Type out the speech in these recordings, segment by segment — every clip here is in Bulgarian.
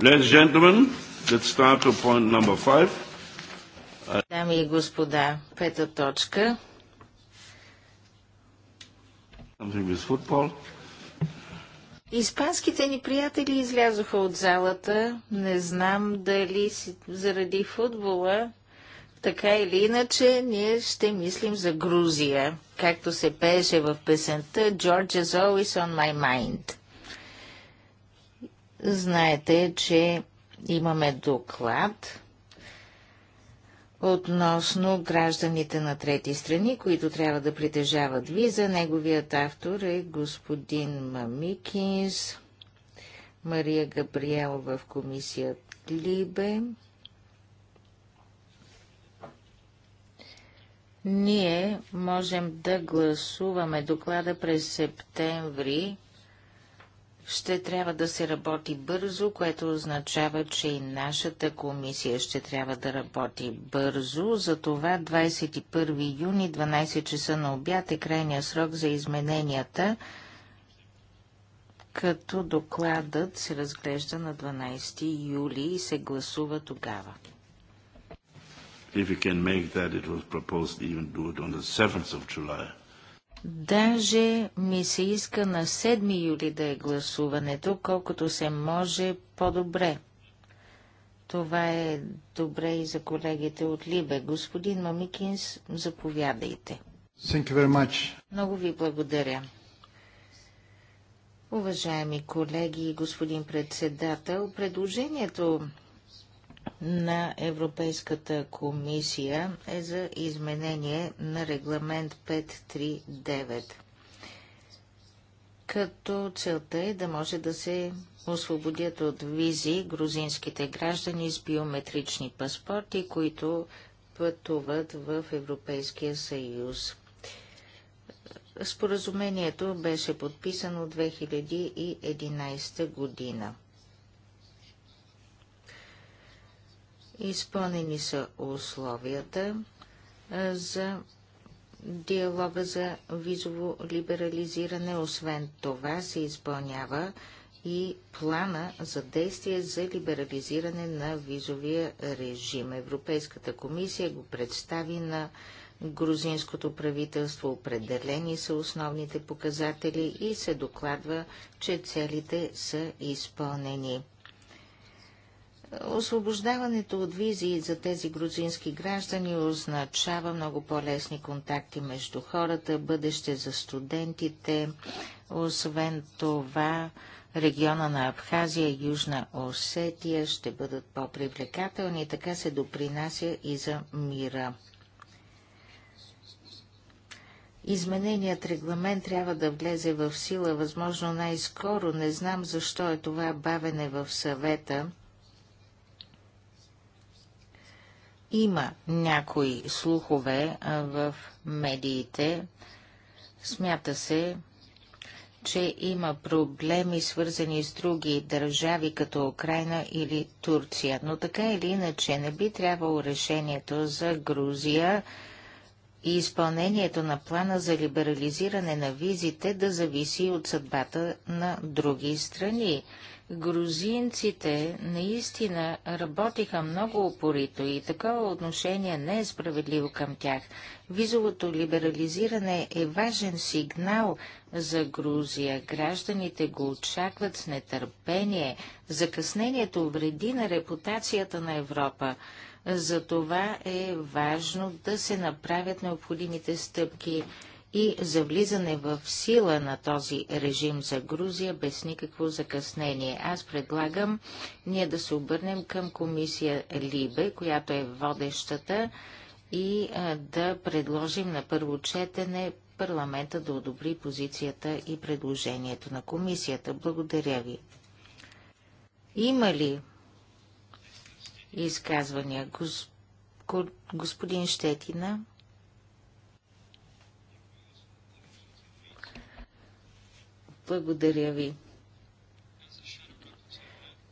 Ladies and gentlemen, let's start to point number five. Дами и господа, пета точка. Something with football. Испанските ни приятели излязоха от залата. Не знам дали заради футбола, така или иначе, ние ще мислим за Грузия, както се пееше в песента Georgia's always on my mind. Знаете, че имаме доклад относно гражданите на трети страни, които трябва да притежават виза. Неговият автор е господин Мамикинс, Мария Габриел в комисията Либе. Ние можем да гласуваме доклада през септември ще трябва да се работи бързо, което означава, че и нашата комисия ще трябва да работи бързо. Затова 21 юни, 12 часа на обяд е крайния срок за измененията, като докладът се разглежда на 12 юли и се гласува тогава. If you can make that, it was proposed even do it on the 7th of July. Даже ми се иска на 7 юли да е гласуването, колкото се може по-добре. Това е добре и за колегите от Либе. Господин Мамикинс, заповядайте. Thank you very much. Много ви благодаря. Уважаеми колеги и господин председател, предложението на Европейската комисия е за изменение на регламент 539 като целта е да може да се освободят от визи грузинските граждани с биометрични паспорти, които пътуват в Европейския съюз. Споразумението беше подписано 2011 година. Изпълнени са условията за диалога за визово либерализиране. Освен това се изпълнява и плана за действие за либерализиране на визовия режим. Европейската комисия го представи на грузинското правителство. Определени са основните показатели и се докладва, че целите са изпълнени. Освобождаването от визи за тези грузински граждани означава много по-лесни контакти между хората, бъдеще за студентите. Освен това, региона на Абхазия и Южна Осетия ще бъдат по-привлекателни. Така се допринася и за мира. Измененият регламент трябва да влезе в сила възможно най-скоро. Не знам защо е това бавене в съвета. Има някои слухове в медиите. Смята се, че има проблеми, свързани с други държави, като Украина или Турция. Но така или иначе не би трябвало решението за Грузия и изпълнението на плана за либерализиране на визите да зависи от съдбата на други страни. Грузинците наистина работиха много опорито и такова отношение не е справедливо към тях. Визовото либерализиране е важен сигнал за Грузия. Гражданите го очакват с нетърпение. Закъснението вреди на репутацията на Европа. Затова е важно да се направят необходимите стъпки и за влизане в сила на този режим за Грузия без никакво закъснение. Аз предлагам ние да се обърнем към комисия Либе, която е водещата и а, да предложим на първо четене парламента да одобри позицията и предложението на комисията. Благодаря ви. Има ли изказвания? Господин Щетина? Благодаря ви.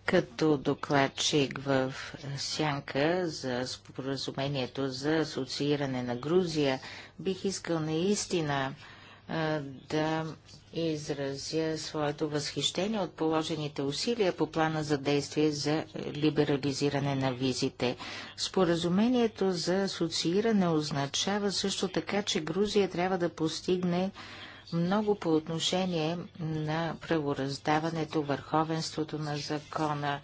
Като докладчик в Сянка за споразумението за асоцииране на Грузия, бих искал наистина да изразя своето възхищение от положените усилия по плана за действие за либерализиране на визите. Споразумението за асоцииране означава също така, че Грузия трябва да постигне много по отношение на правораздаването, върховенството на закона.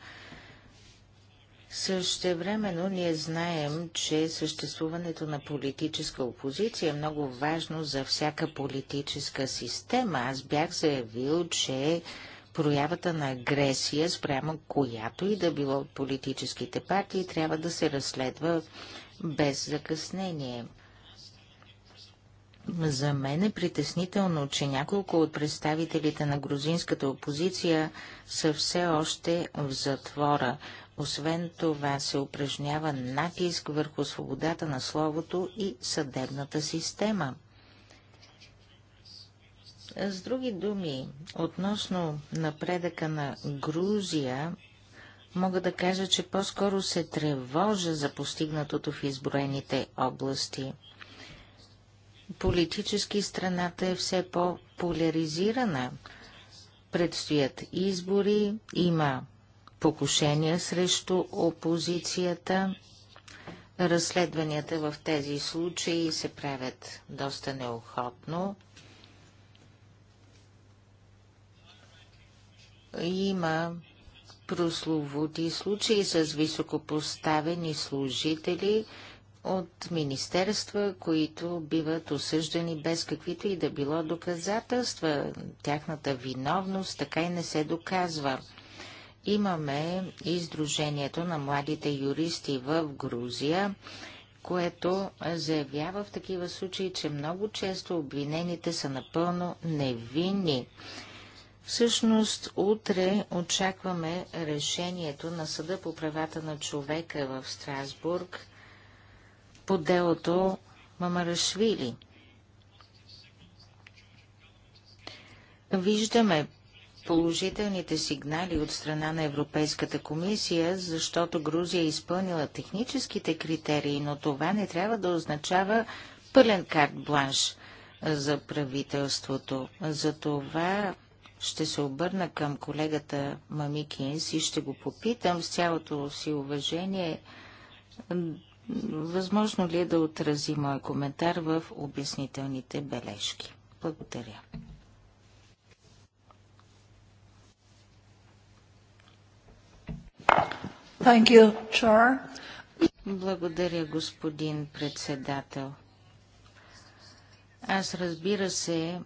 Същевременно ние знаем, че съществуването на политическа опозиция е много важно за всяка политическа система. Аз бях заявил, че проявата на агресия спрямо която и да било от политическите партии трябва да се разследва без закъснение. За мен е притеснително, че няколко от представителите на грузинската опозиция са все още в затвора. Освен това се упражнява натиск върху свободата на словото и съдебната система. С други думи, относно напредъка на Грузия, мога да кажа, че по-скоро се тревожа за постигнатото в изброените области – Политически страната е все по-поляризирана. Предстоят избори, има покушения срещу опозицията. Разследванията в тези случаи се правят доста неохотно. Има прословути случаи с високопоставени служители, от министерства, които биват осъждани без каквито и да било доказателства. Тяхната виновност така и не се доказва. Имаме и Сдружението на младите юристи в Грузия, което заявява в такива случаи, че много често обвинените са напълно невинни. Всъщност, утре очакваме решението на Съда по правата на човека в Страсбург по делото Мамарашвили. Виждаме положителните сигнали от страна на Европейската комисия, защото Грузия е изпълнила техническите критерии, но това не трябва да означава пълен карт бланш за правителството. За това ще се обърна към колегата Мамикинс и ще го попитам с цялото си уважение Възможно ли е да отрази мой коментар в обяснителните бележки? Благодаря. Thank you, Chair. Благодаря, господин председател. Аз разбира се,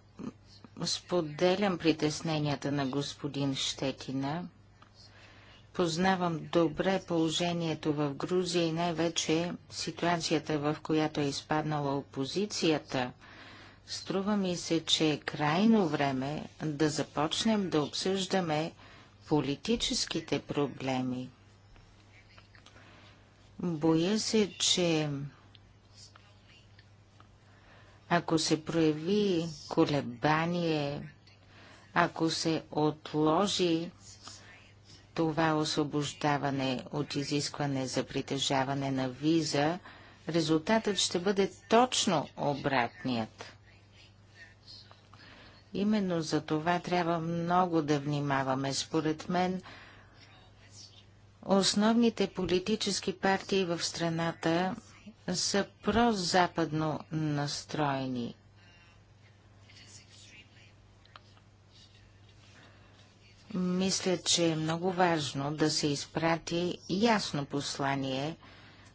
споделям притесненията на господин Щетина. Познавам добре положението в Грузия и най-вече ситуацията, в която е изпаднала опозицията. Струва ми се, че е крайно време да започнем да обсъждаме политическите проблеми. Боя се, че ако се прояви колебание, ако се отложи това освобождаване от изискване за притежаване на виза, резултатът ще бъде точно обратният. Именно за това трябва много да внимаваме. Според мен, основните политически партии в страната са прозападно настроени. Мисля, че е много важно да се изпрати ясно послание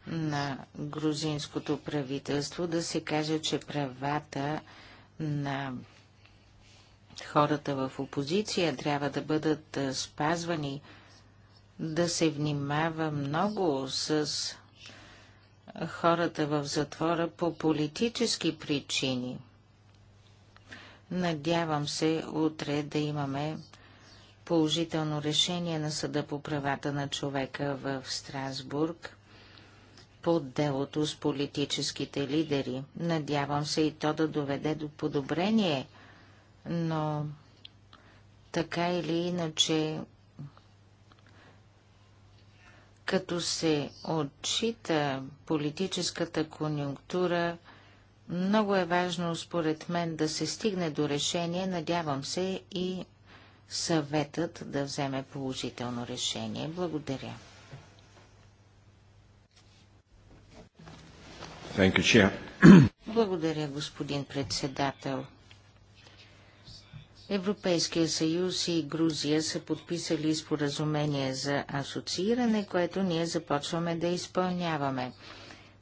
на грузинското правителство, да се каже, че правата на хората в опозиция трябва да бъдат спазвани, да се внимава много с хората в затвора по политически причини. Надявам се утре да имаме положително решение на Съда по правата на човека в Страсбург по делото с политическите лидери. Надявам се и то да доведе до подобрение, но така или иначе, като се отчита политическата конюнктура, много е важно, според мен, да се стигне до решение, надявам се и съветът да вземе положително решение. Благодаря. You, Благодаря, господин председател. Европейския съюз и Грузия са подписали споразумение за асоцииране, което ние започваме да изпълняваме.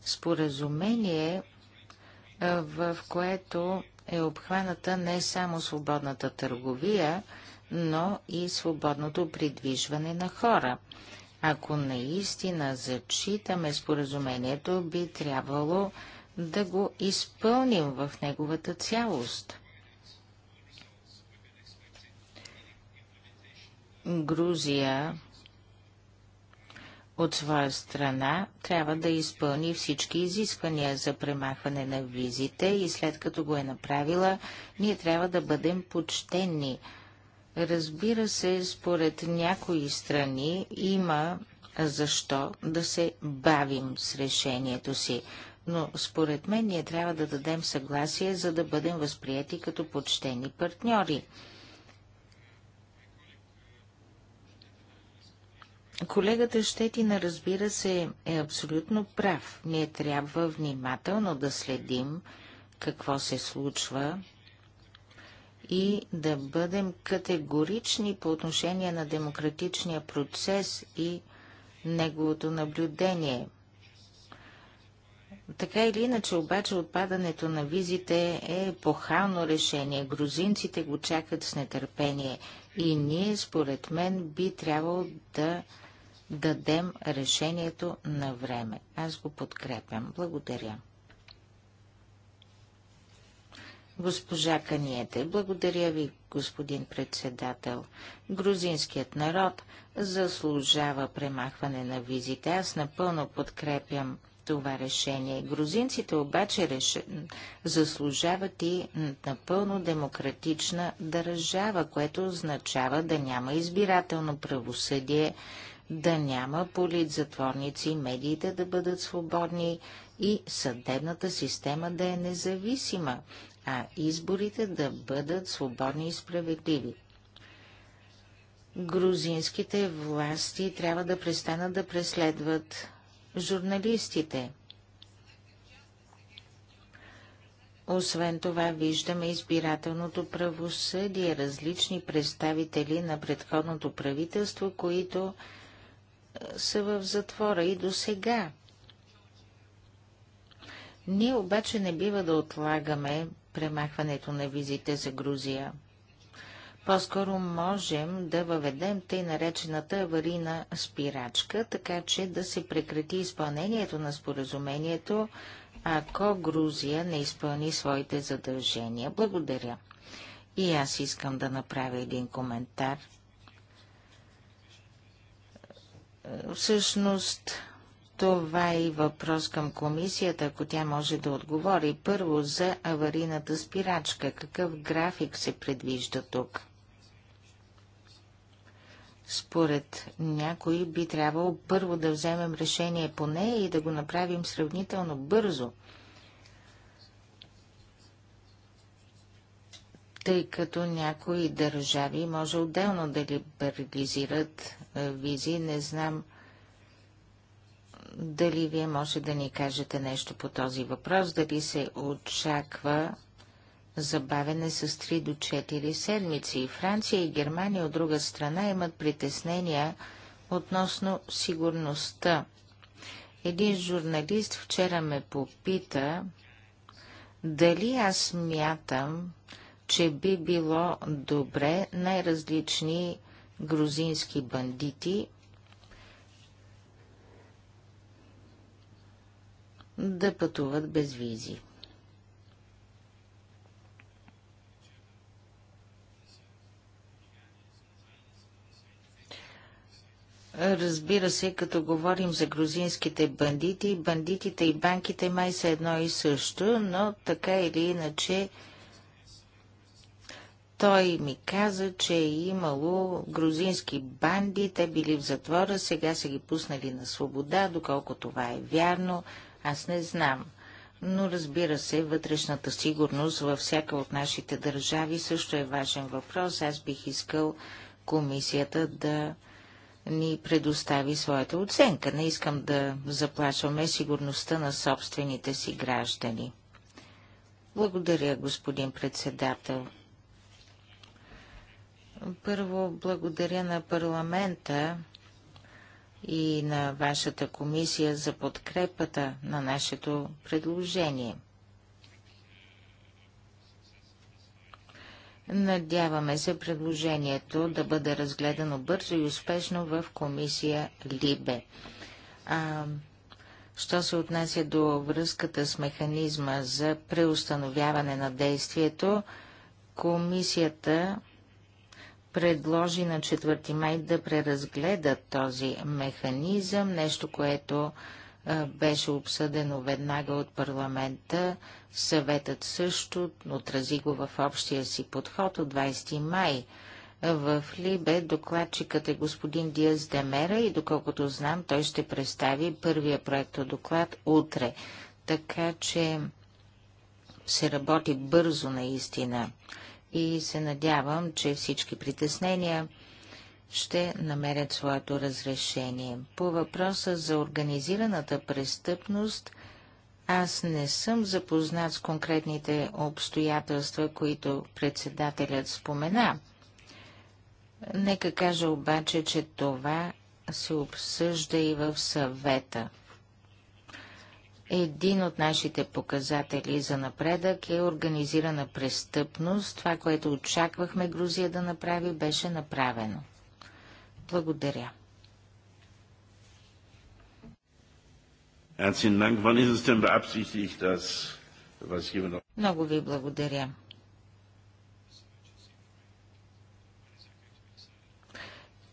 Споразумение, в което е обхваната не само свободната търговия, но и свободното придвижване на хора. Ако наистина зачитаме споразумението, би трябвало да го изпълним в неговата цялост. Грузия от своя страна трябва да изпълни всички изисквания за премахване на визите и след като го е направила, ние трябва да бъдем почтени – Разбира се, според някои страни има защо да се бавим с решението си, но според мен ние трябва да дадем съгласие, за да бъдем възприяти като почтени партньори. Колегата Щетина, разбира се, е абсолютно прав. Ние трябва внимателно да следим какво се случва и да бъдем категорични по отношение на демократичния процес и неговото наблюдение. Така или иначе, обаче, отпадането на визите е похално решение. Грузинците го чакат с нетърпение. И ние, според мен, би трябвало да дадем решението на време. Аз го подкрепям. Благодаря. Госпожа Каниете, благодаря ви, господин председател. Грузинският народ заслужава премахване на визите. Аз напълно подкрепям това решение. Грузинците обаче реш... заслужават и напълно демократична държава, което означава да няма избирателно правосъдие, да няма политзатворници, медиите да бъдат свободни и съдебната система да е независима а изборите да бъдат свободни и справедливи. Грузинските власти трябва да престанат да преследват журналистите. Освен това виждаме избирателното правосъдие, различни представители на предходното правителство, които са в затвора и до сега. Ние обаче не бива да отлагаме премахването на визите за Грузия. По-скоро можем да въведем тъй наречената аварийна спирачка, така че да се прекрати изпълнението на споразумението, ако Грузия не изпълни своите задължения. Благодаря. И аз искам да направя един коментар. Всъщност, това е и въпрос към комисията, ако тя може да отговори. Първо за аварийната спирачка. Какъв график се предвижда тук? Според някои би трябвало първо да вземем решение по нея и да го направим сравнително бързо. Тъй като някои държави може отделно да либерализират визи, не знам дали вие може да ни кажете нещо по този въпрос? Дали се очаква забавене с 3 до 4 седмици? Франция и Германия от друга страна имат притеснения относно сигурността. Един журналист вчера ме попита дали аз мятам, че би било добре най-различни грузински бандити да пътуват без визи. Разбира се, като говорим за грузинските бандити, бандитите и банките май са едно и също, но така или иначе той ми каза, че е имало грузински банди, те били в затвора, сега са ги пуснали на свобода, доколко това е вярно. Аз не знам. Но разбира се, вътрешната сигурност във всяка от нашите държави също е важен въпрос. Аз бих искал комисията да ни предостави своята оценка. Не искам да заплашваме сигурността на собствените си граждани. Благодаря, господин председател. Първо, благодаря на парламента и на вашата комисия за подкрепата на нашето предложение. Надяваме се предложението да бъде разгледано бързо и успешно в комисия Либе. А, що се отнася до връзката с механизма за преустановяване на действието, комисията предложи на 4 май да преразгледат този механизъм, нещо, което беше обсъдено веднага от парламента. Съветът също отрази го в общия си подход от 20 май. В Либе докладчикът е господин Диас Демера и доколкото знам, той ще представи първия проект от доклад утре. Така че се работи бързо наистина и се надявам, че всички притеснения ще намерят своето разрешение. По въпроса за организираната престъпност, аз не съм запознат с конкретните обстоятелства, които председателят спомена. Нека кажа обаче, че това се обсъжда и в съвета. Един от нашите показатели за напредък е организирана престъпност. Това, което очаквахме Грузия да направи, беше направено. Благодаря. Много ви благодаря.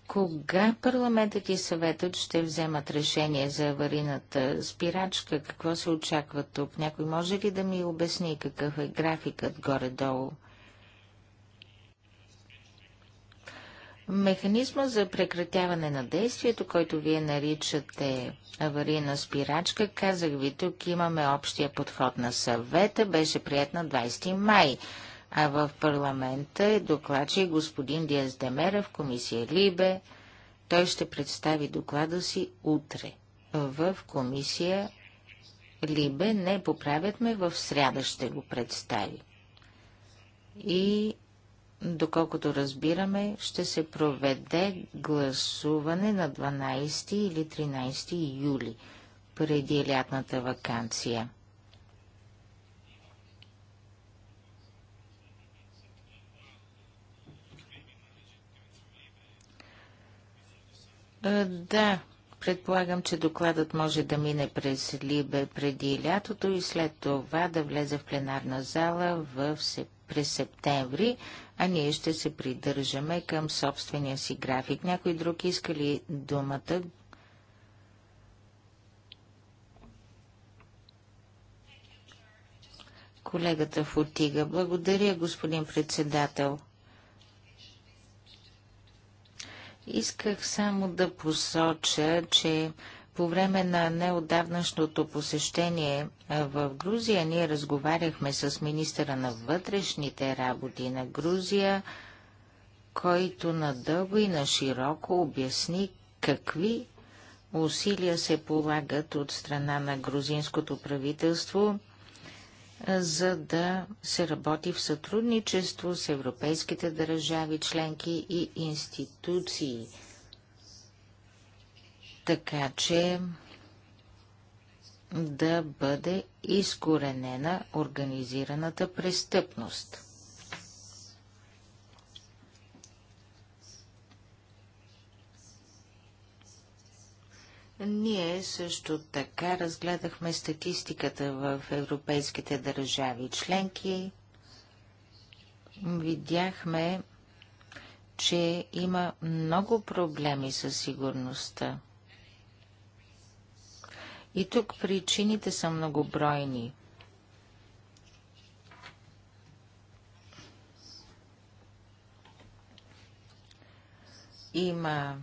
Кога парламентът и съветът ще вземат решение за аварийната спирачка? Какво се очаква тук? Някой може ли да ми обясни какъв е графикът горе-долу? Механизма за прекратяване на действието, който вие наричате аварийна спирачка, казах ви, тук имаме общия подход на съвета, беше прият на 20 май а в парламента е докладчик господин Диас Демера в комисия Либе. Той ще представи доклада си утре в комисия Либе. Не поправят ме, в сряда ще го представи. И доколкото разбираме, ще се проведе гласуване на 12 или 13 юли преди лятната вакансия. Е, да, предполагам, че докладът може да мине през Либе преди лятото и след това да влезе в пленарна зала в септември през септември, а ние ще се придържаме към собствения си график. Някой друг иска ли думата? Колегата Футига. Благодаря, господин председател. Исках само да посоча, че по време на неодавнашното посещение в Грузия ние разговаряхме с министъра на вътрешните работи на Грузия, който надълго и на широко обясни какви усилия се полагат от страна на грузинското правителство за да се работи в сътрудничество с европейските държави, членки и институции. Така че да бъде изкоренена организираната престъпност. Ние също така разгледахме статистиката в европейските държави членки. Видяхме, че има много проблеми със сигурността. И тук причините са многобройни. Има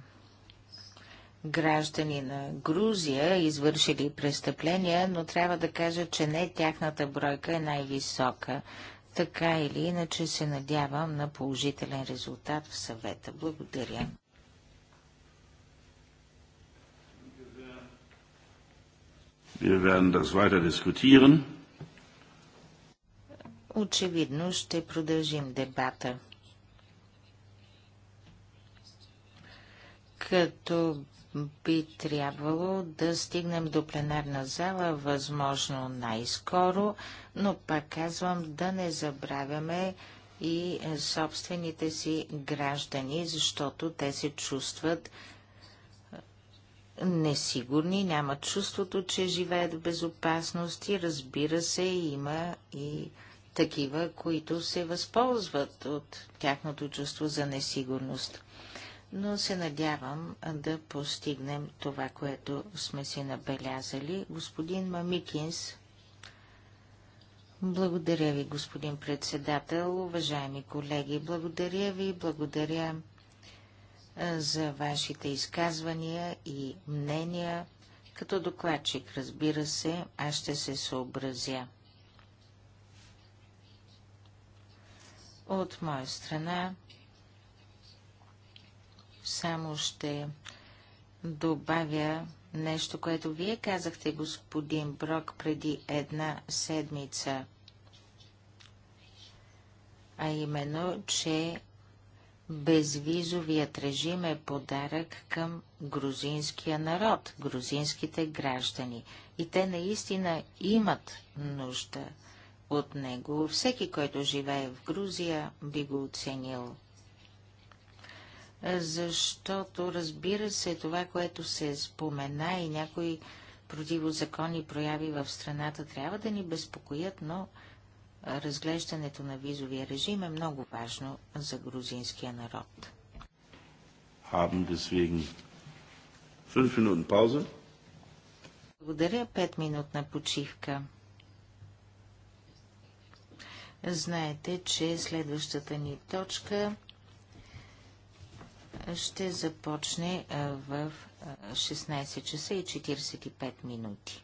граждани на Грузия, извършили престъпления, но трябва да кажа, че не тяхната бройка е най-висока. Така или иначе се надявам на положителен резултат в съвета. Благодаря. Очевидно ще продължим дебата. Като би трябвало да стигнем до пленарна зала възможно най-скоро, но пак казвам да не забравяме и собствените си граждани, защото те се чувстват е, несигурни, нямат чувството, че живеят в безопасност и разбира се, има и такива, които се възползват от тяхното чувство за несигурност но се надявам да постигнем това, което сме си набелязали. Господин Мамикинс, благодаря ви, господин председател, уважаеми колеги, благодаря ви, благодаря за вашите изказвания и мнения. Като докладчик, разбира се, аз ще се съобразя. От моя страна само ще добавя нещо, което вие казахте, господин Брок, преди една седмица. А именно, че безвизовият режим е подарък към грузинския народ, грузинските граждани. И те наистина имат нужда от него. Всеки, който живее в Грузия, би го оценил защото разбира се това, което се спомена и някои противозаконни прояви в страната трябва да ни безпокоят, но разглеждането на визовия режим е много важно за грузинския народ. Благодаря 5 минутна почивка. Знаете, че следващата ни точка ще започне в 16 часа и 45 минути.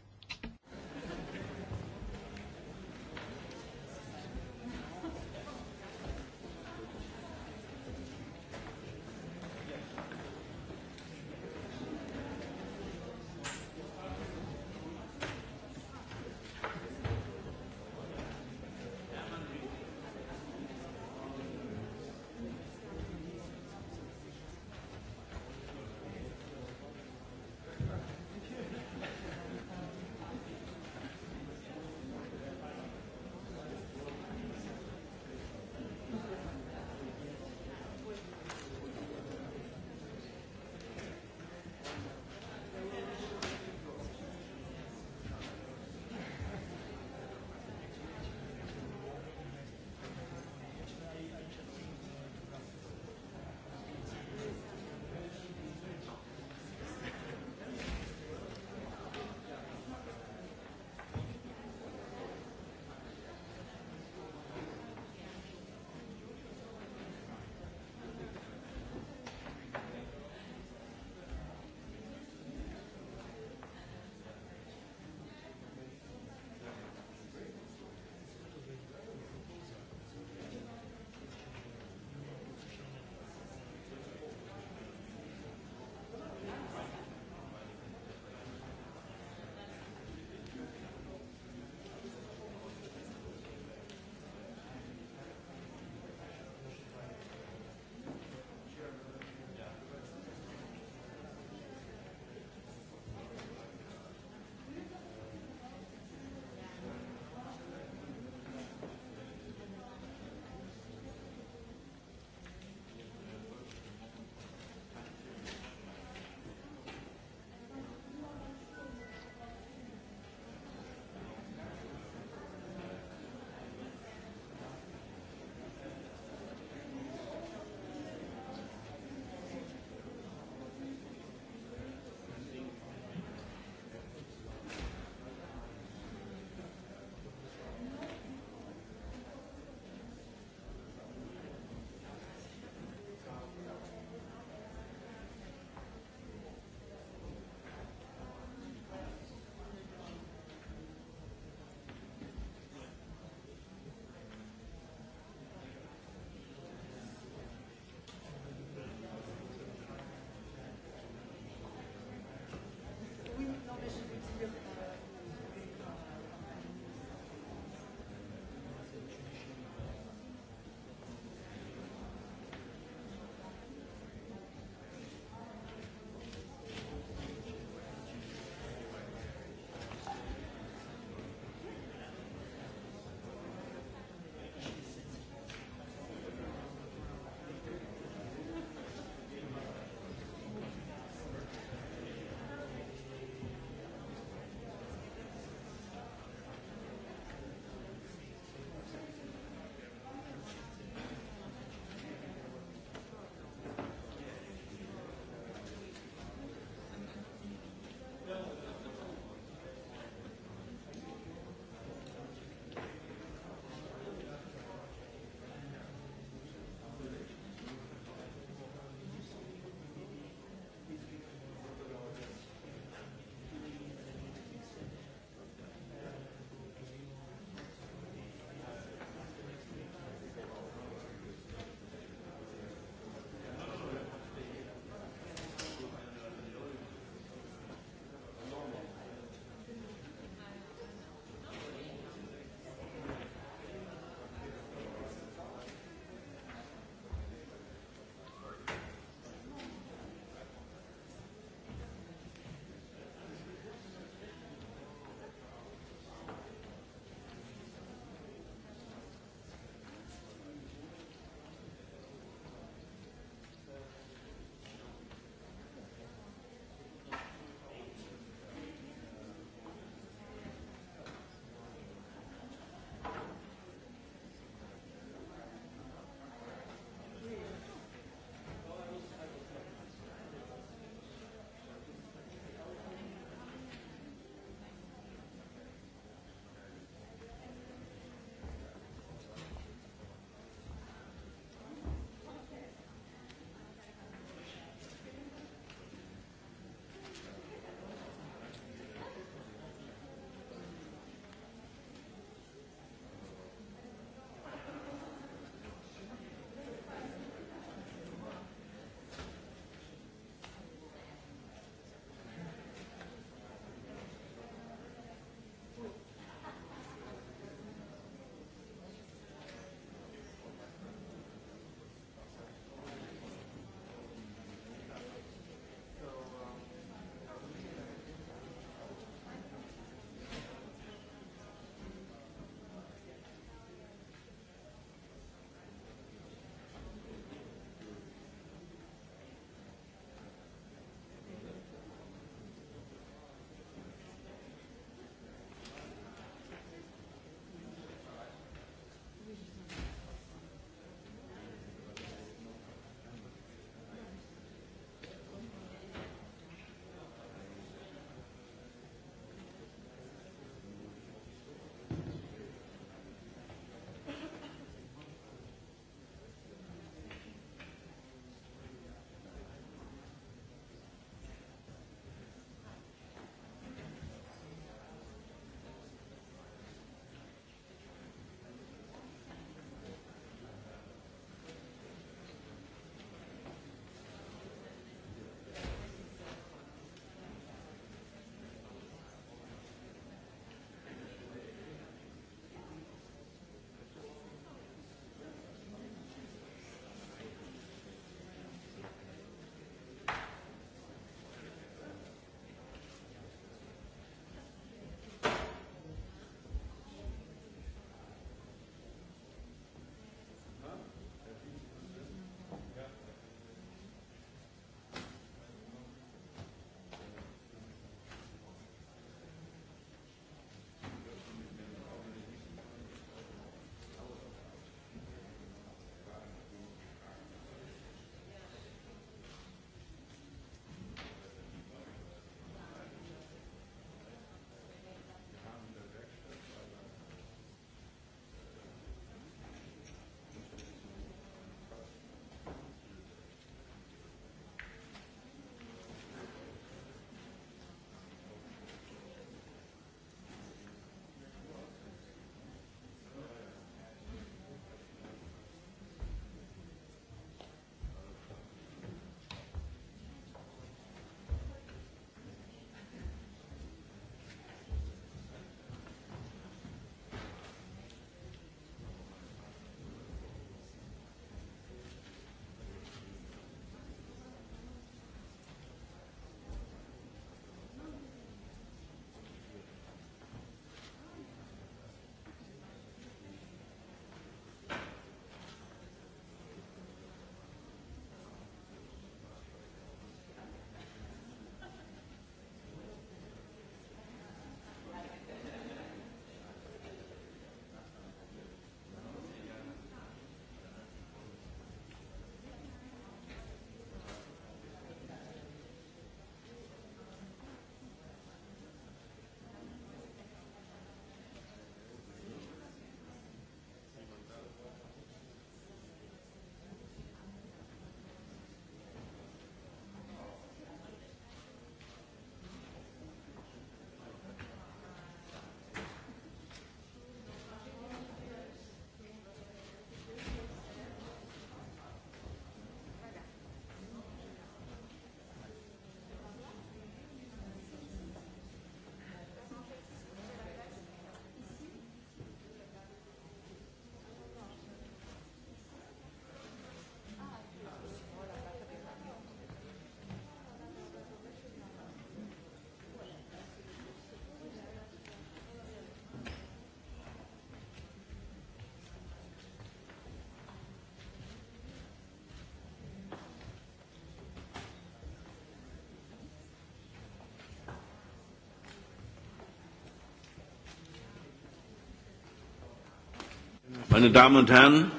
Meine Damen und Herren,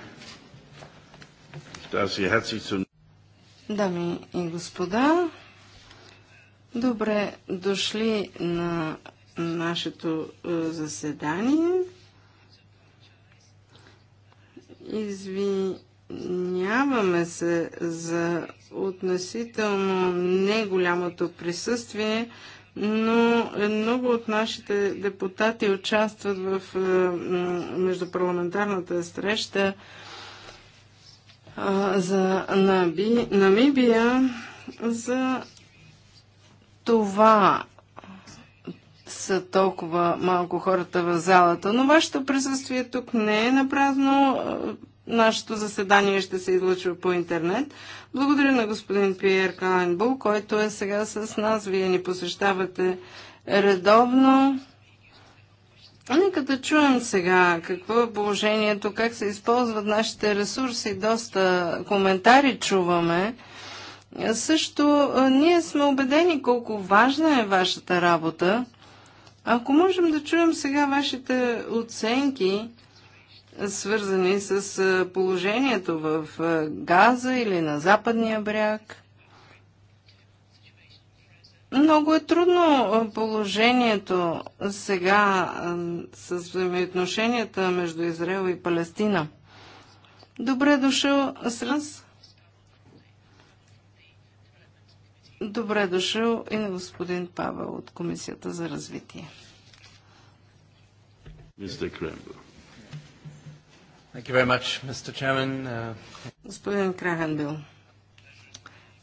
ich darf Sie herzlich zu. Дами и господа, добре дошли на нашето е, заседание. Извиняваме се за относително неголямото присъствие но е, много от нашите депутати участват в е, междупарламентарната среща е, за Наби, Намибия за това са толкова малко хората в залата, но вашето присъствие тук не е напразно. Нашето заседание ще се излъчва по интернет. Благодаря на господин Пиер Каленбул, който е сега с нас. Вие ни посещавате редовно. Нека да чуем сега какво е положението, как се използват нашите ресурси. Доста коментари чуваме. Също ние сме убедени колко важна е вашата работа. Ако можем да чуем сега вашите оценки, свързани с положението в Газа или на Западния бряг. Много е трудно положението сега с взаимоотношенията между Израел и Палестина. Добре е дошъл с нас. Добре е дошъл и на господин Павел от Комисията за развитие. Мистер Крембъл. Much, uh, Господин Краханбил.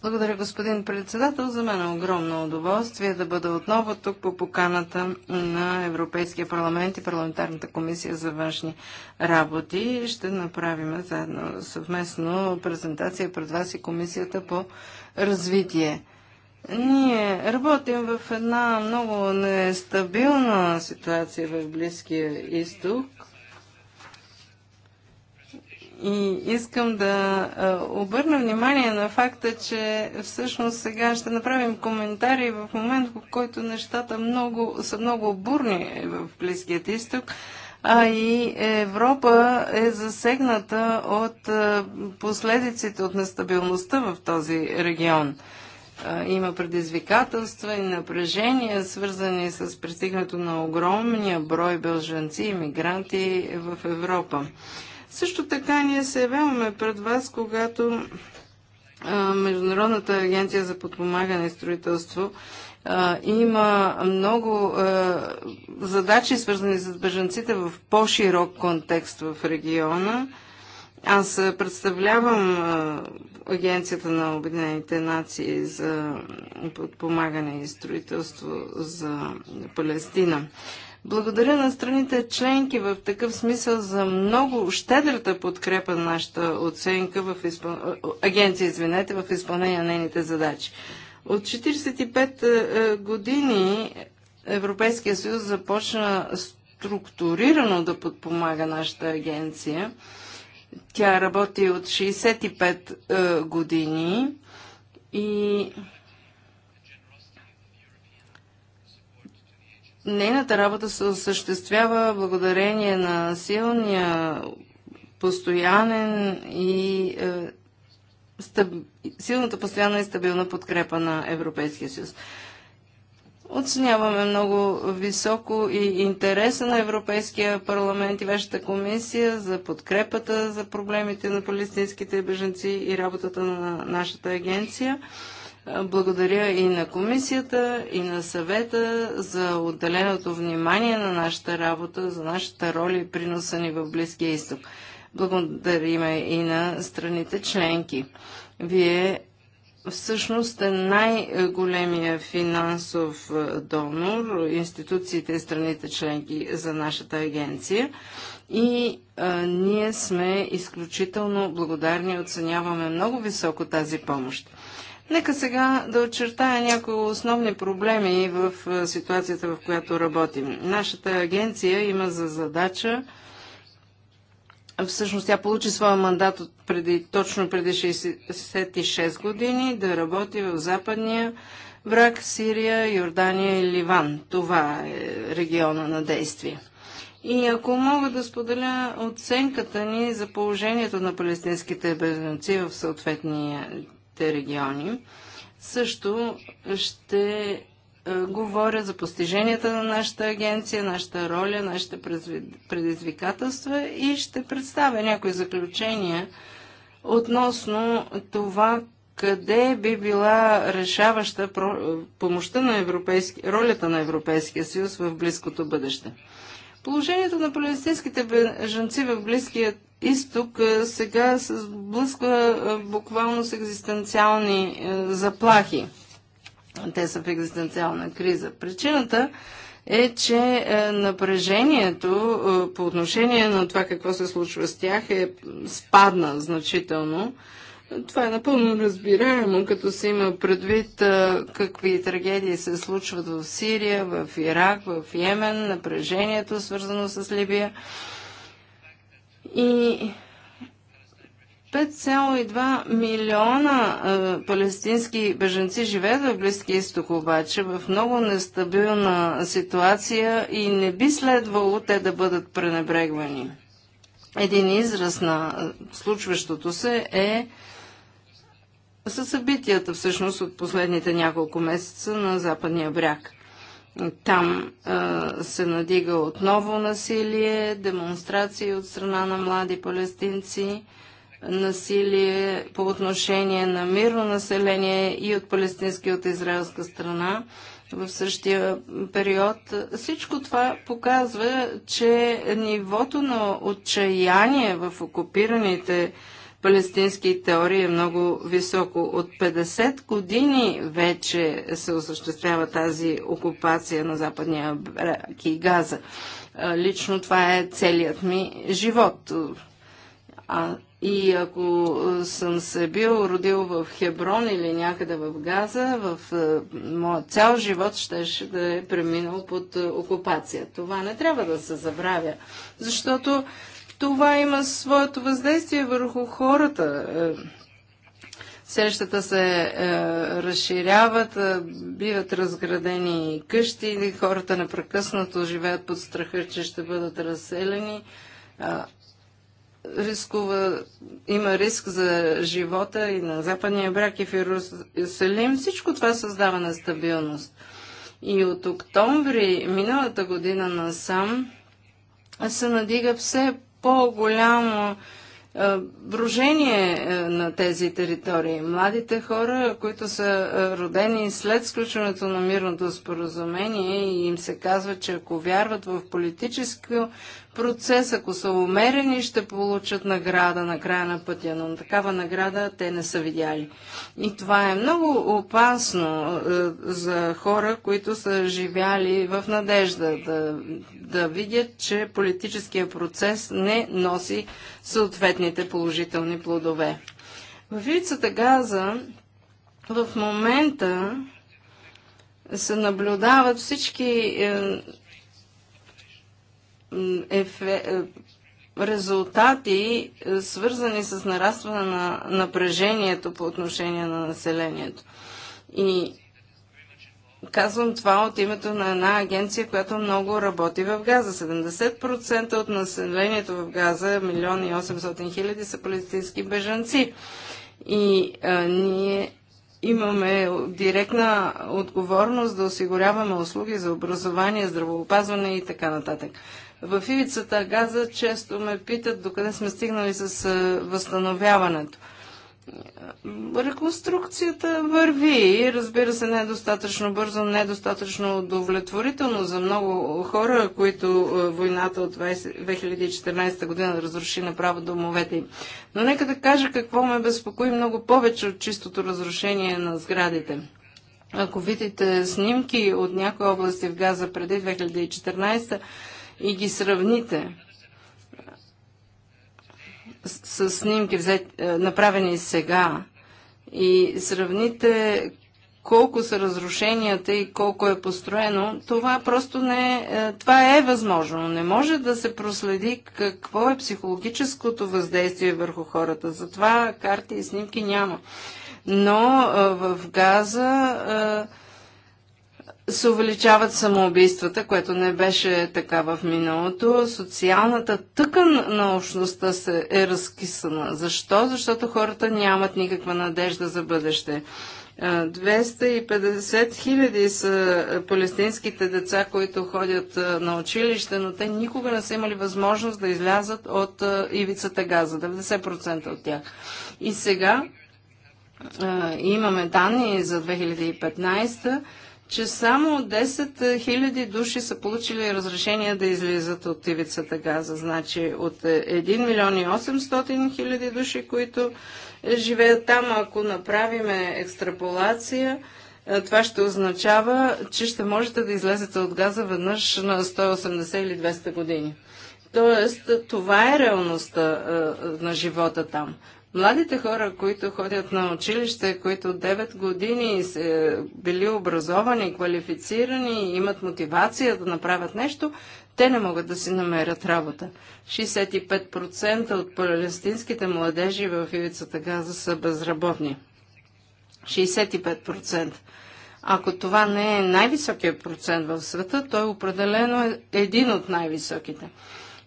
Благодаря, господин председател. За мен е огромно удоволствие да бъда отново тук по поканата на Европейския парламент и Парламентарната комисия за външни работи. Ще направим заедно съвместно презентация пред вас и комисията по развитие. Ние работим в една много нестабилна ситуация в Близкия изток и искам да обърна внимание на факта, че всъщност сега ще направим коментари в момент, в който нещата много, са много бурни в Близкият изток, а и Европа е засегната от последиците от нестабилността в този регион. Има предизвикателства и напрежения, свързани с пристигането на огромния брой бълженци, и мигранти в Европа. Също така ние се явяваме пред вас, когато Международната агенция за подпомагане и строителство има много задачи, свързани с бежанците в по-широк контекст в региона. Аз представлявам Агенцията на Обединените нации за подпомагане и строителство за Палестина. Благодаря на страните членки в такъв смисъл за много щедрата подкрепа на нашата оценка в изпъл... агенция, извинете, в изпълнение на нейните задачи. От 45 години Европейския съюз започна структурирано да подпомага нашата агенция. Тя работи от 65 години и Нейната работа се осъществява благодарение на силния, постоянен и е, стаб... силната постоянна и стабилна подкрепа на Европейския съюз. Оценяваме много високо и интереса на Европейския парламент и вашата комисия за подкрепата за проблемите на палестинските беженци и работата на нашата агенция. Е, благодаря и на комисията, и на съвета за отделеното внимание на нашата работа, за нашата роля и приноса ни в Близкия изток. Благодариме и на страните членки. Вие всъщност сте най-големия финансов е, донор, институциите и страните членки за нашата агенция. И а, е, ние сме изключително благодарни и оценяваме много високо тази помощ. Нека сега да очертая някои основни проблеми в ситуацията, в която работим. Нашата агенция има за задача Всъщност тя получи своя мандат от преди, точно преди 66 години да работи в Западния враг Сирия, Йордания и Ливан. Това е региона на действие. И ако мога да споделя оценката ни за положението на палестинските бежанци в съответния българските региони. Също ще е, говоря за постиженията на нашата агенция, нашата роля, нашите предизвикателства и ще представя някои заключения относно това, къде би била решаваща помощта на Европейски, ролята на Европейския съюз в близкото бъдеще. Положението на палестинските бежанци в Близкия изток е, сега се сблъсква е, буквално с екзистенциални е, заплахи. Те са в екзистенциална криза. Причината е, че напрежението по отношение на това какво се случва с тях е спадна значително. Това е напълно разбираемо, като се има предвид а, какви трагедии се случват в Сирия, в Ирак, в Йемен, напрежението свързано с Либия. И 5,2 милиона а, палестински беженци живеят в Близки изток, обаче в много нестабилна ситуация и не би следвало те да бъдат пренебрегвани. Един израз на случващото се е са събитията всъщност от последните няколко месеца на Западния бряг. Там а, се надига отново насилие, демонстрации от страна на млади палестинци, насилие по отношение на мирно население и от палестински, и от израелска страна в същия период. Всичко това показва, че нивото на отчаяние в окупираните палестински теории е много високо. От 50 години вече се осъществява тази окупация на Западния брак и Газа. Лично това е целият ми живот. А, и ако съм се бил родил в Хеброн или някъде в Газа, в моят цял живот щеше да е преминал под окупация. Това не трябва да се забравя, защото това има своето въздействие върху хората. Е, срещата се е, разширяват, е, биват разградени къщи, хората непрекъснато живеят под страха, че ще бъдат разселени. Е, рискува, има риск за живота и на Западния брак и в Иерусалим. Всичко това създава нестабилност. И от октомври миналата година насам се надига все по-голямо е, брожение е, на тези територии. Младите хора, които са е, родени след сключването на мирното споразумение и им се казва, че ако вярват в политическо процес. Ако са умерени, ще получат награда на края на пътя, но такава награда те не са видяли. И това е много опасно е, за хора, които са живяли в надежда да, да видят, че политическия процес не носи съответните положителни плодове. В Ивицата Газа в момента се наблюдават всички е, ефе, е, резултати, е, свързани с нарастване на напрежението по отношение на населението. И казвам това от името на една агенция, която много работи в Газа. 70% от населението в Газа, 1 800 хиляди, са палестински бежанци. И а, е, ние имаме директна отговорност да осигуряваме услуги за образование, здравоопазване и така нататък. В ивицата Газа често ме питат докъде сме стигнали с възстановяването. Реконструкцията върви и разбира се не е достатъчно бързо, не е достатъчно удовлетворително за много хора, които войната от 2014 година разруши направо домовете им. Но нека да кажа какво ме безпокои много повече от чистото разрушение на сградите. Ако видите снимки от някои области в Газа преди 2014 и ги сравните с, снимки е, направени сега и сравните колко са разрушенията и колко е построено, това просто не е, това е възможно. Не може да се проследи какво е психологическото въздействие върху хората. Затова карти и снимки няма. Но е, в Газа е, се увеличават самоубийствата, което не беше така в миналото. Социалната тъкан на общността се е разкисана. Защо? Защото хората нямат никаква надежда за бъдеще. 250 хиляди са палестинските деца, които ходят на училище, но те никога не са имали възможност да излязат от ивицата газа, 90% от тях. И сега имаме данни за 2015 че само 10 000 души са получили разрешение да излизат от ивицата газа. Значи от 1 милион и 800 хиляди души, които живеят там, ако направиме екстраполация, е, това ще означава, че ще можете да излезете от газа веднъж на 180 или 200 години. Тоест, това е реалността е, на живота там. Младите хора, които ходят на училище, които 9 години са били образовани, квалифицирани, имат мотивация да направят нещо, те не могат да си намерят работа. 65% от палестинските младежи в ивицата Газа са безработни. 65%. Ако това не е най-високия процент в света, той е определено е един от най-високите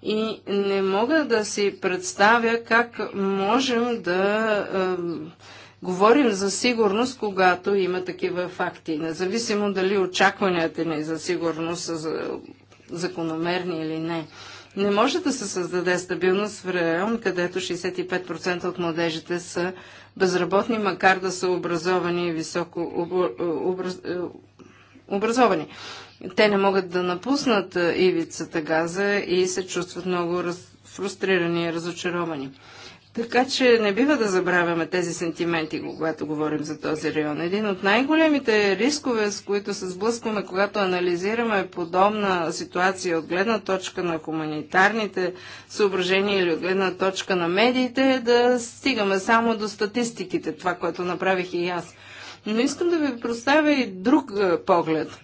и не мога да си представя как можем да говорим за сигурност, когато има такива факти. Независимо дали очакванията ни за сигурност са закономерни или не. Не може да се създаде стабилност в район, където 65% от младежите са безработни, макар да са образовани и високо образ... Е, образовани. Те не могат да напуснат ивицата Газа и се чувстват много раз... фрустрирани и разочаровани. Така че не бива да забравяме тези сентименти, когато говорим за този район. Един от най-големите рискове, с които се сблъскваме, когато анализираме подобна ситуация от гледна точка на хуманитарните съображения или от гледна точка на медиите, е да стигаме само до статистиките, това, което направих и аз. Но искам да ви представя и друг поглед –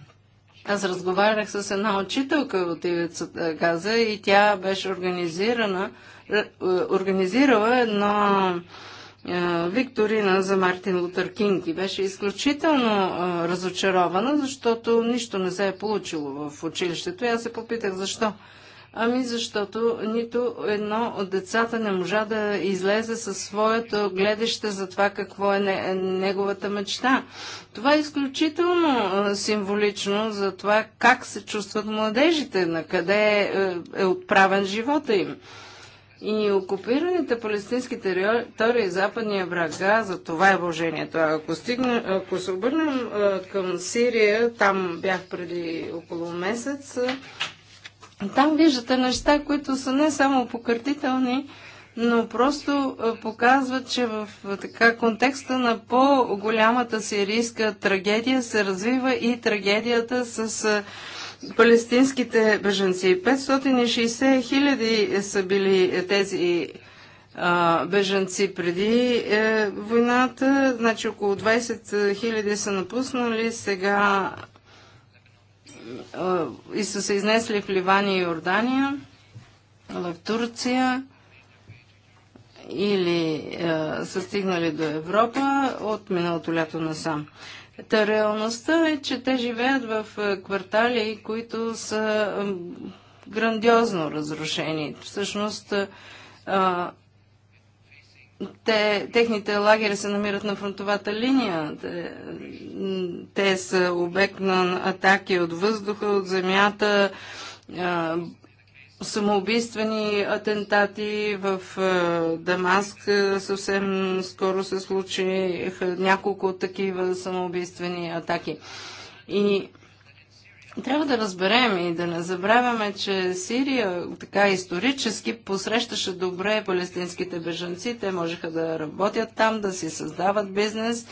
аз разговарях с една учителка от Ивица е, Газа и тя беше организирана, е, е, организирала една викторина за Мартин Лутър Кинг и беше изключително разочарована, защото нищо не се е получило в училището. И аз се попитах защо. Ами защото нито едно от децата не можа да излезе със своето гледаще за това какво е неговата мечта. Това е изключително символично за това как се чувстват младежите, на къде е, е отправен живота им. И окупираните палестински територии и западния брага, за това е вложението. Ако, стигна, ако се обърнем към Сирия, там бях преди около месец, там виждате неща, които са не само покъртителни, но просто показват, че в така контекста на по-голямата сирийска трагедия се развива и трагедията с палестинските беженци. 560 хиляди са били тези беженци преди е, войната, значи около 20 хиляди са напуснали, сега и са се изнесли в Ливания и Йордания, в Турция или е, са стигнали до Европа от миналото лято насам. Та реалността е, че те живеят в е, квартали, които са грандиозно разрушени. Всъщност, е, те, техните лагери се намират на фронтовата линия. Те, те са обект на атаки от въздуха, от земята, самоубийствени атентати в Дамаск. Съвсем скоро се случиха няколко такива самоубийствени атаки. И трябва да разберем и да не забравяме, че Сирия така исторически посрещаше добре палестинските бежанци. Те можеха да работят там, да си създават бизнес.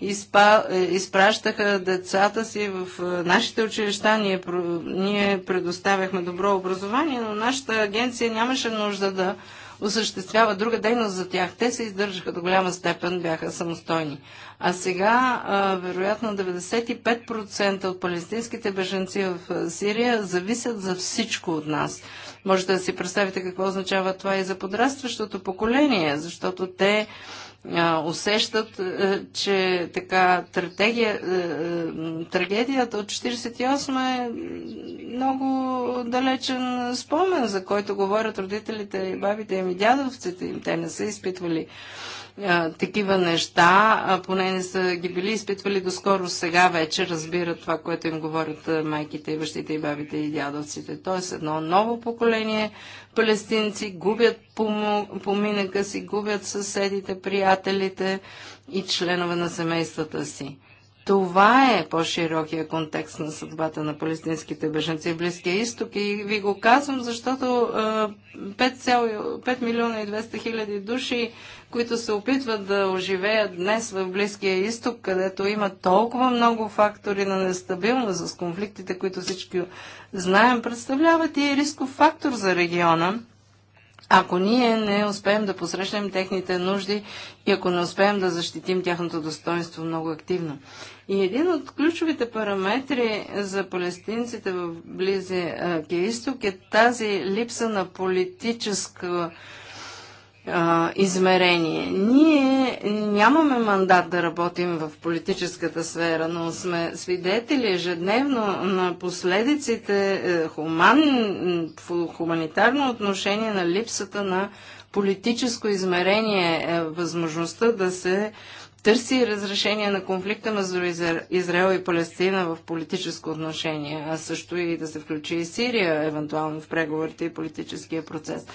Изпа, е, изпращаха децата си в е, нашите училища. Ние, ние предоставяхме добро образование, но нашата агенция нямаше нужда да осъществява друга дейност за тях. Те се издържаха до голяма степен, бяха самостойни. А сега, вероятно, 95% от палестинските беженци в Сирия зависят за всичко от нас. Можете да си представите какво означава това и за подрастващото поколение, защото те усещат, е, че така трагедия, е, е, трагедията от 48 е много далечен спомен, за който говорят родителите и бабите им и дядовците им. Те не са изпитвали такива неща, а, поне не са ги били изпитвали доскоро, сега вече разбират това, което им говорят майките и бащите и бабите и дядовците. Тоест едно ново поколение палестинци губят поминъка си, губят съседите, приятелите и членове на семействата си. Това е по-широкия контекст на съдбата на палестинските беженци в Близкия изток и ви го казвам, защото 5 милиона и 200 хиляди души, които се опитват да оживеят днес в Близкия изток, където има толкова много фактори на нестабилност с конфликтите, които всички знаем, представляват и е рисков фактор за региона – ако ние не успеем да посрещнем техните нужди и ако не успеем да защитим тяхното достоинство много активно. И един от ключовите параметри за палестинците в Близия изток е тази липса на политическа а, измерение. Ние нямаме мандат да работим в политическата сфера, но сме свидетели ежедневно на последиците, е, хуман, хуманитарно отношение на липсата на политическо измерение, е, възможността да се търси разрешение на конфликта между Израел и Палестина в политическо отношение, а също и да се включи и Сирия евентуално в преговорите и политическия процес.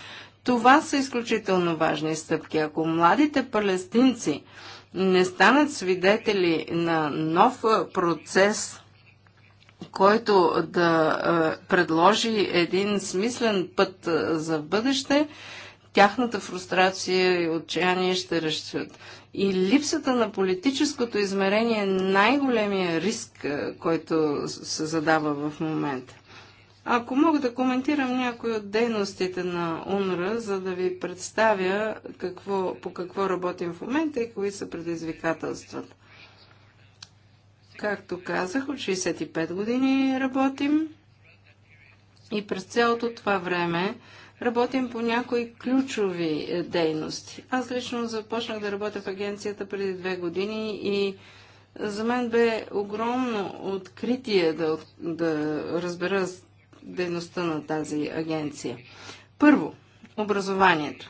Това са изключително важни стъпки. Ако младите палестинци не станат свидетели на нов процес, който да предложи един смислен път за бъдеще, тяхната фрустрация и отчаяние ще растат. И липсата на политическото измерение е най-големия риск, който се задава в момента. Ако мога да коментирам някои от дейностите на УНРА, за да ви представя какво, по какво работим в момента и кои са предизвикателствата. Както казах, от 65 години работим и през цялото това време работим по някои ключови е, дейности. Аз лично започнах да работя в агенцията преди две години и за мен бе огромно откритие да, да разбера дейността на тази агенция. Първо, образованието.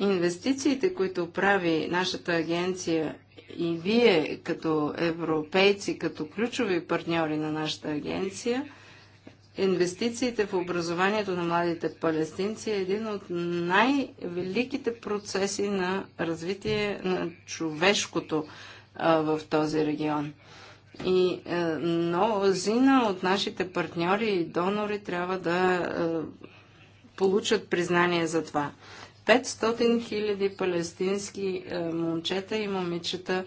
Инвестициите, които прави нашата агенция и вие като европейци, като ключови партньори на нашата агенция, инвестициите в образованието на младите палестинци е един от най-великите процеси на развитие на човешкото а, в този регион. И мнозина е, от нашите партньори и донори трябва да е, получат признание за това. 500 хиляди палестински е, момчета и момичета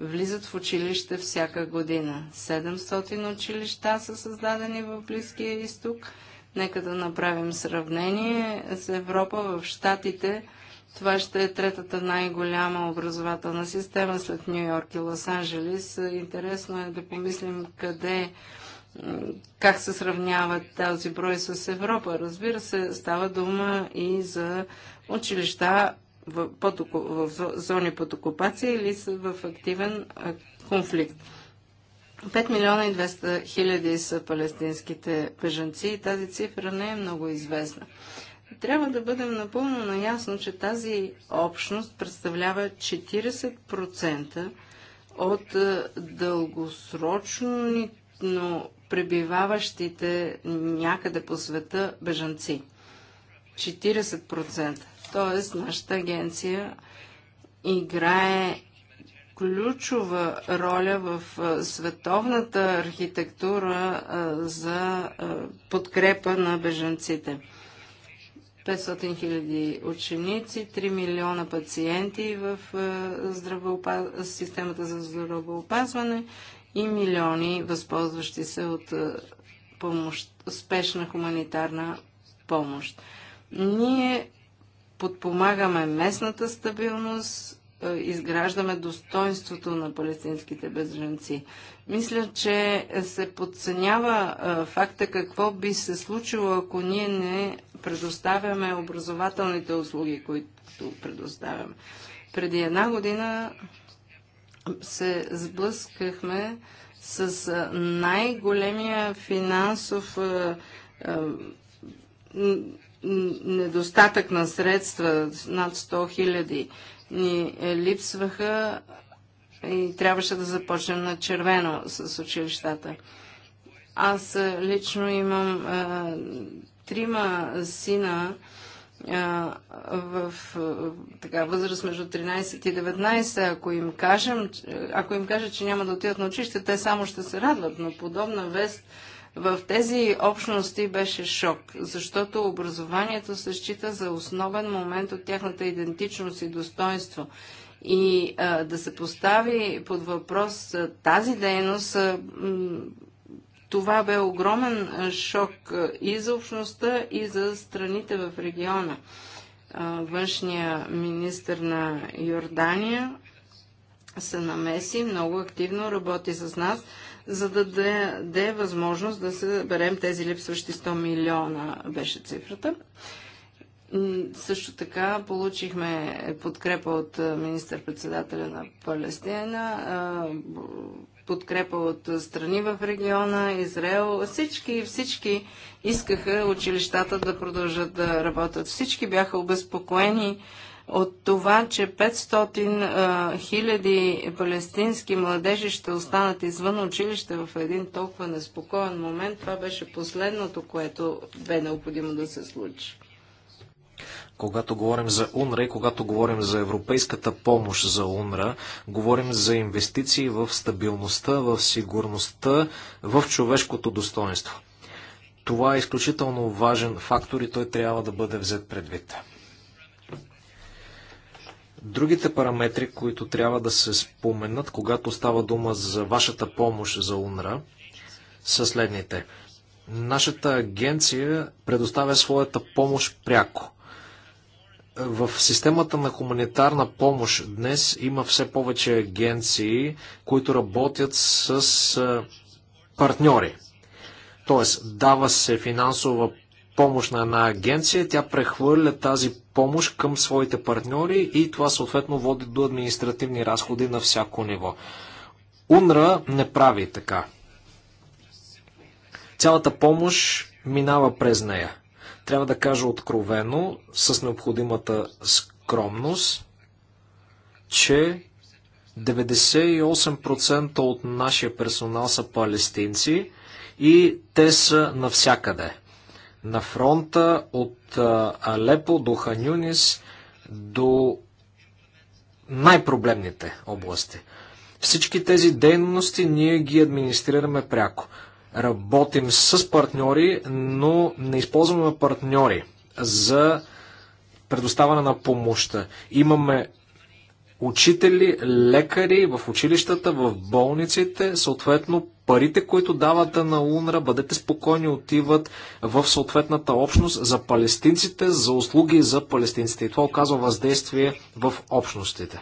влизат в училище всяка година. 700 училища са създадени в Близкия изток. Нека да направим сравнение с Европа в Штатите – това ще е третата най-голяма образователна система след Нью Йорк и Лос Анджелис. Интересно е да помислим къде как се сравнява този брой с Европа. Разбира се, става дума и за училища в, под, в зони под окупация или са в активен конфликт. 5 милиона и 200 хиляди са палестинските бежанци и тази цифра не е много известна. Трябва да бъдем напълно наясно, че тази общност представлява 40% от е, дългосрочно пребиваващите някъде по света бежанци. 40%. Тоест, нашата агенция играе ключова роля в е, световната архитектура е, за подкрепа на бежанците. 500 000 ученици, 3 милиона пациенти в е, здравеопаз... системата за здравеопазване и милиони възползващи се от е, помощ, спешна хуманитарна помощ. Ние подпомагаме местната стабилност, е, изграждаме достоинството на палестинските бежанци. Мисля, че се подценява факта какво би се случило, ако ние не предоставяме образователните услуги, които предоставяме. Преди една година се сблъскахме с най-големия финансов недостатък на средства, над 100 хиляди ни е, липсваха и трябваше да започнем на червено с училищата. Аз е, лично имам а, е, трима сина а, е, в а, така, възраст между 13 и 19. Ако им, кажем, ако им кажа, че няма да отидат на училище, те само ще се радват. Но подобна вест в тези общности беше шок, защото образованието се счита за основен момент от тяхната идентичност и достоинство и а, да се постави под въпрос тази дейност, а, това бе огромен шок и за общността, и за страните в региона. А, външния министр на Йордания се намеси, много активно работи с нас, за да даде възможност да се берем тези липсващи 100 милиона, беше цифрата. Също така получихме подкрепа от министър-председателя на Палестина, подкрепа от страни в региона, Израел. Всички, всички искаха училищата да продължат да работят. Всички бяха обезпокоени от това, че 500 хиляди палестински младежи ще останат извън училище в един толкова неспокоен момент. Това беше последното, което бе необходимо да се случи. Когато говорим за УНРА и когато говорим за европейската помощ за УНРА, говорим за инвестиции в стабилността, в сигурността, в човешкото достоинство. Това е изключително важен фактор и той трябва да бъде взет предвид. Другите параметри, които трябва да се споменат, когато става дума за вашата помощ за УНРА, са следните. Нашата агенция предоставя своята помощ пряко в системата на хуманитарна помощ днес има все повече агенции, които работят с партньори. Тоест, дава се финансова помощ на една агенция, тя прехвърля тази помощ към своите партньори и това съответно води до административни разходи на всяко ниво. УНРА не прави така. Цялата помощ минава през нея. Трябва да кажа откровено, с необходимата скромност, че 98% от нашия персонал са палестинци и те са навсякъде. На фронта от Алепо до Ханюнис до най-проблемните области. Всички тези дейности ние ги администрираме пряко. Работим с партньори, но не използваме партньори за предоставяне на помощта. Имаме учители, лекари в училищата, в болниците, съответно парите, които давате на УНРА, бъдете спокойни, отиват в съответната общност за палестинците, за услуги за палестинците. И това оказва въздействие в общностите.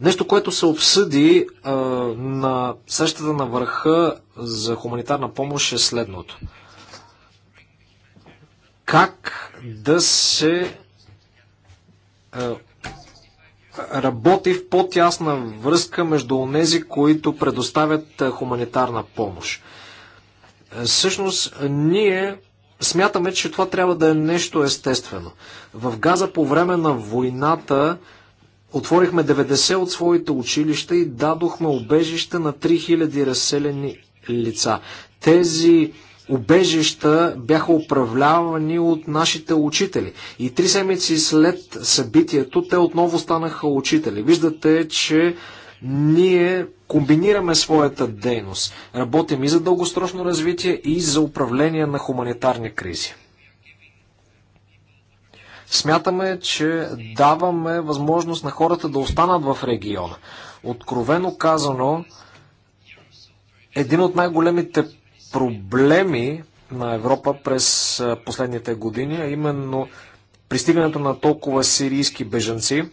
Нещо, което се обсъди а, на срещата на върха за хуманитарна помощ е следното. Как да се а, работи в по-тясна връзка между онези, които предоставят хуманитарна помощ. Всъщност, ние смятаме, че това трябва да е нещо естествено. В Газа по време на войната Отворихме 90 от своите училища и дадохме обежище на 3000 разселени лица. Тези убежища бяха управлявани от нашите учители. И три седмици след събитието те отново станаха учители. Виждате, че ние комбинираме своята дейност. Работим и за дългосрочно развитие, и за управление на хуманитарни кризи. Смятаме, че даваме възможност на хората да останат в региона. Откровено казано, един от най-големите проблеми на Европа през последните години, а именно пристигането на толкова сирийски бежанци,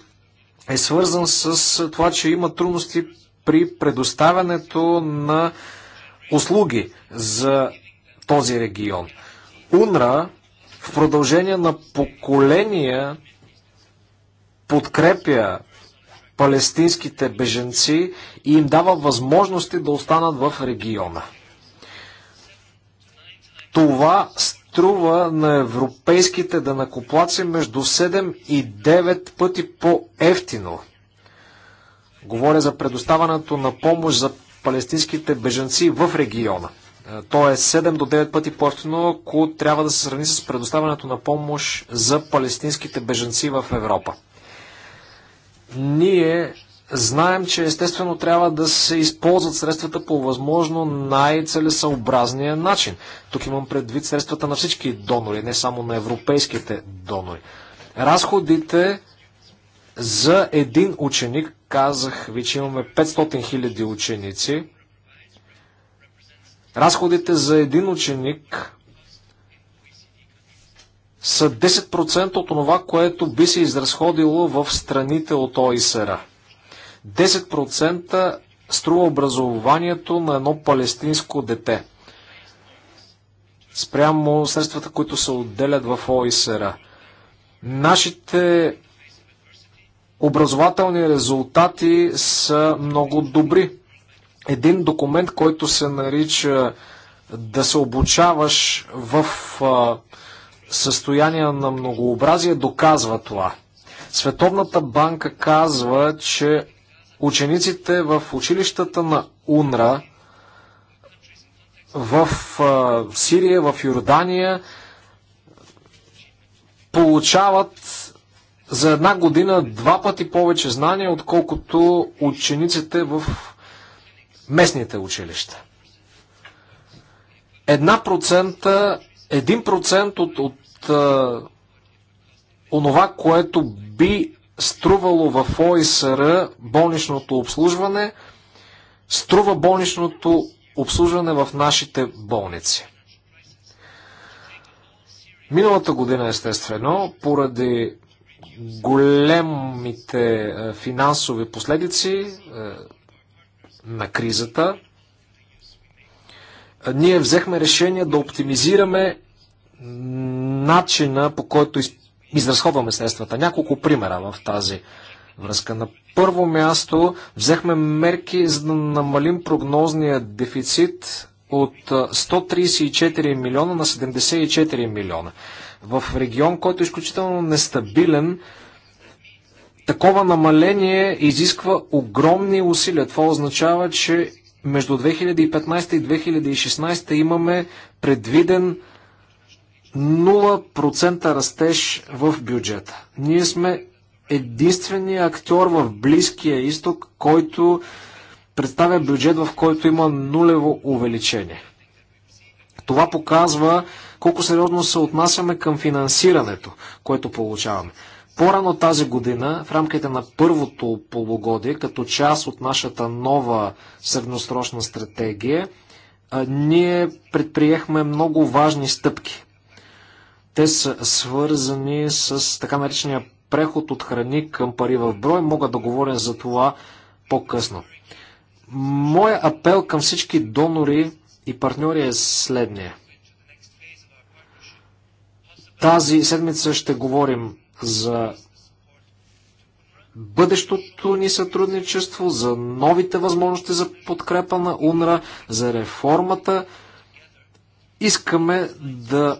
е свързан с това, че има трудности при предоставянето на услуги за този регион. УНРА в продължение на поколения подкрепя палестинските беженци и им дава възможности да останат в региона. Това струва на европейските данакоплаци между 7 и 9 пъти по-ефтино. Говоря за предоставането на помощ за палестинските беженци в региона. Е, то е 7 до 9 пъти по-ефтино, ако трябва да се сравни с предоставянето на помощ за палестинските беженци в Европа. Ние знаем, че естествено трябва да се използват средствата по възможно най-целесъобразния начин. Тук имам предвид средствата на всички донори, не само на европейските донори. Разходите за един ученик, казах ви, че имаме 500 000 ученици, Разходите за един ученик са 10% от това, което би се изразходило в страните от ОИСР. 10% струва образованието на едно палестинско дете. Спрямо средствата, които се отделят в ОИСР. Нашите образователни резултати са много добри един документ, който се нарича да се обучаваш в а, състояние на многообразие, доказва това. Световната банка казва, че учениците в училищата на УНРА в а, Сирия, в Йордания получават за една година два пъти повече знания, отколкото учениците в местните училища. Една процента, един процент от, от а, онова, което би струвало в ОИСР болничното обслужване, струва болничното обслужване в нашите болници. Миналата година, естествено, поради големите финансови последици, на кризата, ние взехме решение да оптимизираме начина по който изразходваме средствата. Няколко примера в тази връзка. На първо място взехме мерки за да намалим прогнозния дефицит от 134 милиона на 74 милиона. В регион, който е изключително нестабилен, Такова намаление изисква огромни усилия. Това означава, че между 2015 и 2016 имаме предвиден 0% растеж в бюджета. Ние сме единствения актьор в Близкия изток, който представя бюджет, в който има нулево увеличение. Това показва колко сериозно се отнасяме към финансирането, което получаваме. По-рано тази година, в рамките на първото полугодие, като част от нашата нова средносрочна стратегия, ние предприехме много важни стъпки. Те са свързани с така наречения преход от храни към пари в брой. Мога да говоря за това по-късно. Моя апел към всички донори и партньори е следния. Тази седмица ще говорим за бъдещото ни сътрудничество, за новите възможности за подкрепа на УНРА, за реформата. Искаме да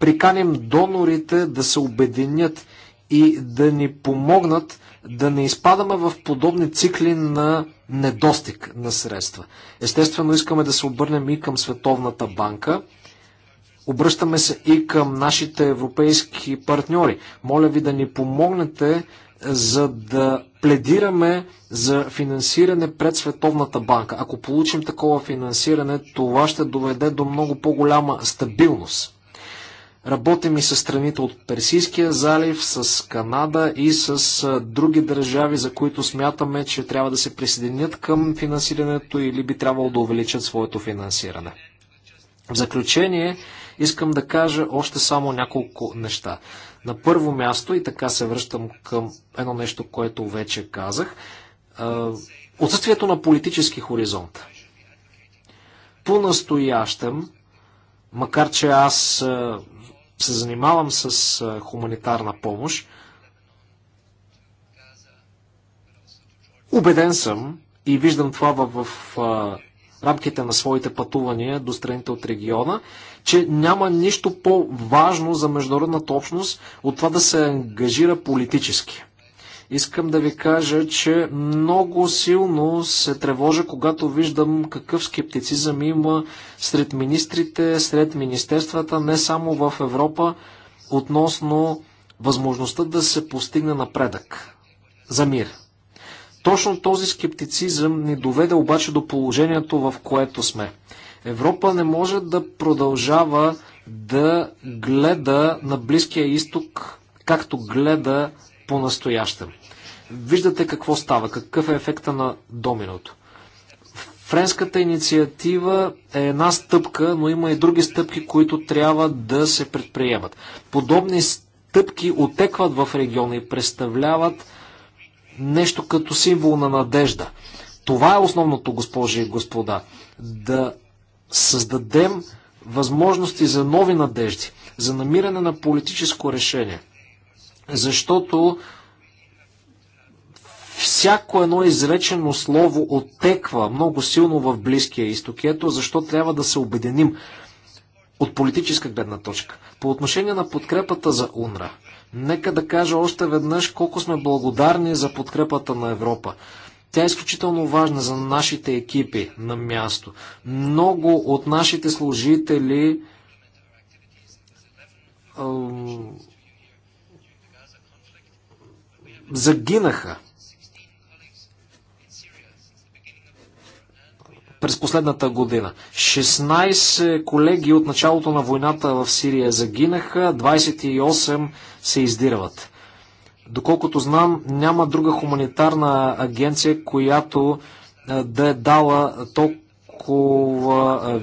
приканим донорите да се обединят и да ни помогнат да не изпадаме в подобни цикли на недостиг на средства. Естествено, искаме да се обърнем и към Световната банка. Обръщаме се и към нашите европейски партньори. Моля ви да ни помогнете, за да пледираме за финансиране пред Световната банка. Ако получим такова финансиране, това ще доведе до много по-голяма стабилност. Работим и с страните от Персийския залив, с Канада и с други държави, за които смятаме, че трябва да се присъединят към финансирането или би трябвало да увеличат своето финансиране. В заключение, Искам да кажа още само няколко неща. На първо място, и така се връщам към едно нещо, което вече казах, отсъствието на политически хоризонт. По-настоящем, макар че аз се занимавам с хуманитарна помощ, убеден съм и виждам това в рамките на своите пътувания до страните от региона, че няма нищо по-важно за международната общност от това да се ангажира политически. Искам да ви кажа, че много силно се тревожа, когато виждам какъв скептицизъм има сред министрите, сред министерствата, не само в Европа, относно възможността да се постигне напредък за мир. Точно този скептицизъм ни доведе обаче до положението, в което сме. Европа не може да продължава да гледа на Близкия изток, както гледа по-настоящем. Виждате какво става, какъв е ефекта на доминото. Френската инициатива е една стъпка, но има и други стъпки, които трябва да се предприемат. Подобни стъпки отекват в региона и представляват нещо като символ на надежда. Това е основното, госпожи и господа. Да създадем възможности за нови надежди, за намиране на политическо решение. Защото всяко едно изречено слово отеква много силно в Близкия изток. Ето защо трябва да се обединим от политическа гледна точка. По отношение на подкрепата за УНРА, нека да кажа още веднъж колко сме благодарни за подкрепата на Европа. Тя е изключително важна за нашите екипи на място. Много от нашите служители загинаха през последната година. 16 колеги от началото на войната в Сирия загинаха, 28 се издирват. Доколкото знам, няма друга хуманитарна агенция, която да е дала толкова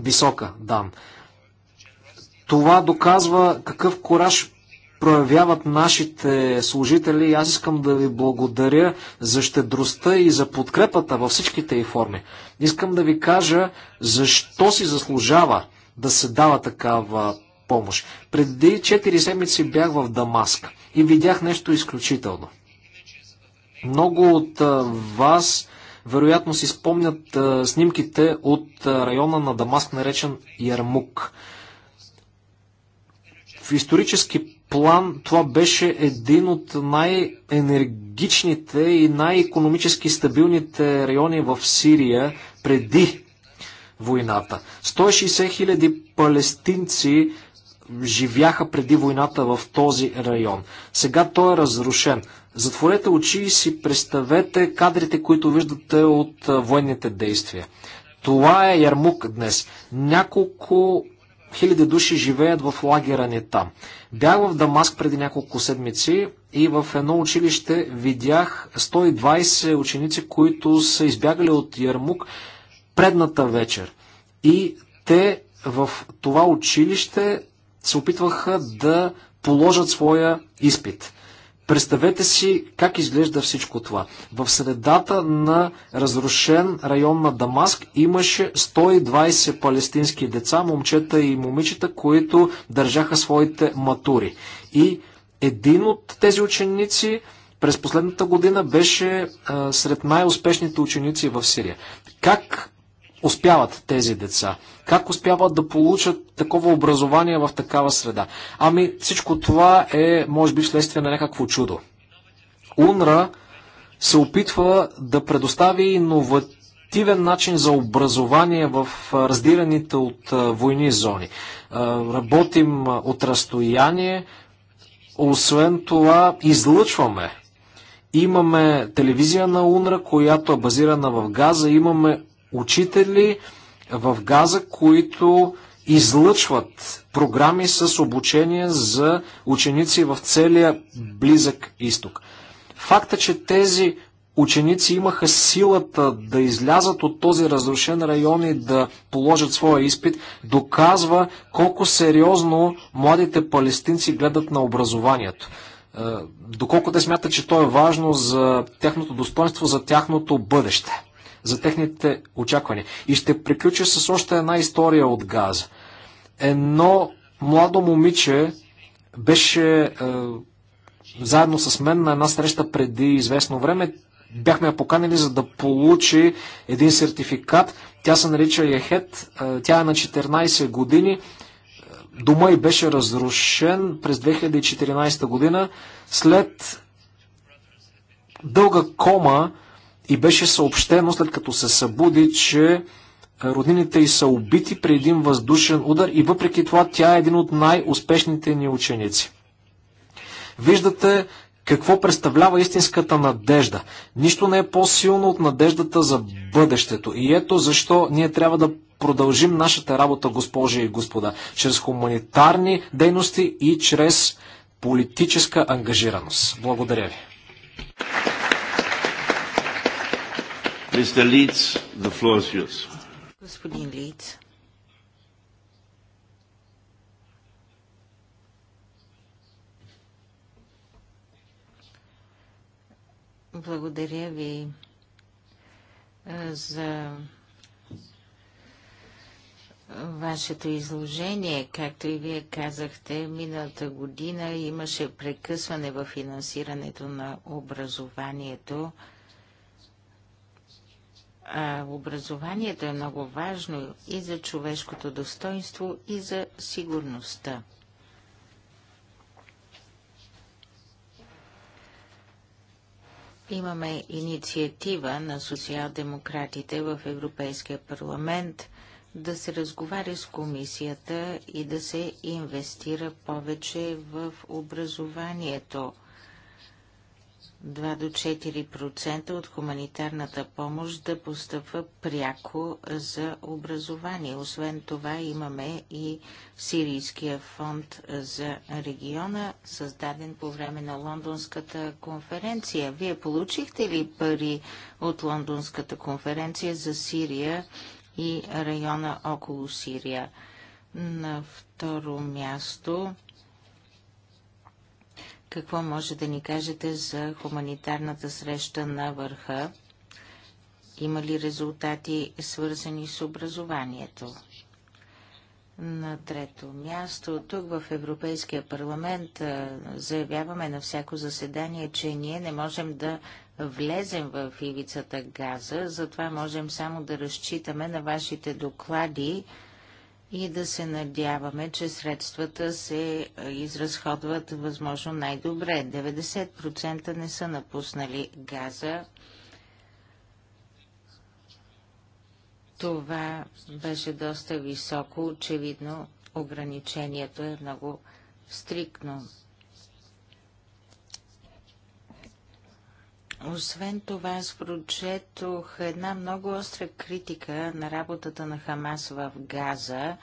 висока дан. Това доказва какъв кораж проявяват нашите служители. Аз искам да ви благодаря за щедростта и за подкрепата във всичките й форми. Искам да ви кажа защо си заслужава да се дава такава помощ. Преди 4 седмици бях в Дамаск и видях нещо изключително. Много от вас вероятно си спомнят снимките от района на Дамаск, наречен Ярмук. В исторически план това беше един от най-енергичните и най-економически стабилните райони в Сирия преди войната. 160 хиляди палестинци живяха преди войната в този район. Сега той е разрушен. Затворете очи и си представете кадрите, които виждате от военните действия. Това е Ярмук днес. Няколко Хиляди души живеят в лагера ни там. Бях в Дамаск преди няколко седмици и в едно училище видях 120 ученици, които са избягали от Ярмук предната вечер. И те в това училище се опитваха да положат своя изпит. Представете си как изглежда всичко това. В средата на разрушен район на Дамаск имаше 120 палестински деца, момчета и момичета, които държаха своите матури. И един от тези ученици през последната година беше а, сред най-успешните ученици в Сирия. Как успяват тези деца? Как успяват да получат такова образование в такава среда? Ами всичко това е, може би, вследствие на някакво чудо. УНРА се опитва да предостави иновативен начин за образование в раздираните от войни зони. Работим от разстояние, освен това излъчваме. Имаме телевизия на УНРА, която е базирана в Газа, имаме учители в Газа, които излъчват програми с обучение за ученици в целия близък изток. Факта, че тези ученици имаха силата да излязат от този разрушен район и да положат своя изпит, доказва колко сериозно младите палестинци гледат на образованието. Е, доколко те смятат, че то е важно за тяхното достоинство, за тяхното бъдеще за техните очаквания. И ще приключа с още една история от Газа. Едно младо момиче беше е, заедно с мен на една среща преди известно време. Бяхме я поканили, за да получи един сертификат. Тя се нарича Яхет. Е, тя е на 14 години. Дома й беше разрушен през 2014 година. След дълга кома и беше съобщено, след като се събуди, че е, роднините й са убити при един въздушен удар и въпреки това тя е един от най-успешните ни ученици. Виждате какво представлява истинската надежда. Нищо не е по-силно от надеждата за бъдещето. И ето защо ние трябва да продължим нашата работа, госпожи и господа, чрез хуманитарни дейности и чрез политическа ангажираност. Благодаря ви. Mr. Leeds, the floor is yours. Господин Лиц. Благодаря ви е, за вашето изложение. Както и вие казахте, миналата година имаше прекъсване в финансирането на образованието а образованието е много важно и за човешкото достоинство, и за сигурността. Имаме инициатива на социал-демократите в Европейския парламент да се разговаря с комисията и да се инвестира повече в образованието. 2 до 4% от хуманитарната помощ да постъпва пряко за образование. Освен това имаме и Сирийския фонд за региона, създаден по време на Лондонската конференция. Вие получихте ли пари от Лондонската конференция за Сирия и района около Сирия? На второ място какво може да ни кажете за хуманитарната среща на върха? Има ли резултати свързани с образованието? На трето място, тук в Европейския парламент заявяваме на всяко заседание, че ние не можем да влезем в ивицата газа, затова можем само да разчитаме на вашите доклади и да се надяваме, че средствата се изразходват възможно най-добре. 90% не са напуснали газа. Това беше доста високо. Очевидно, ограничението е много стрикно. Освен това, аз прочетох една много остра критика на работата на Хамас в Газа.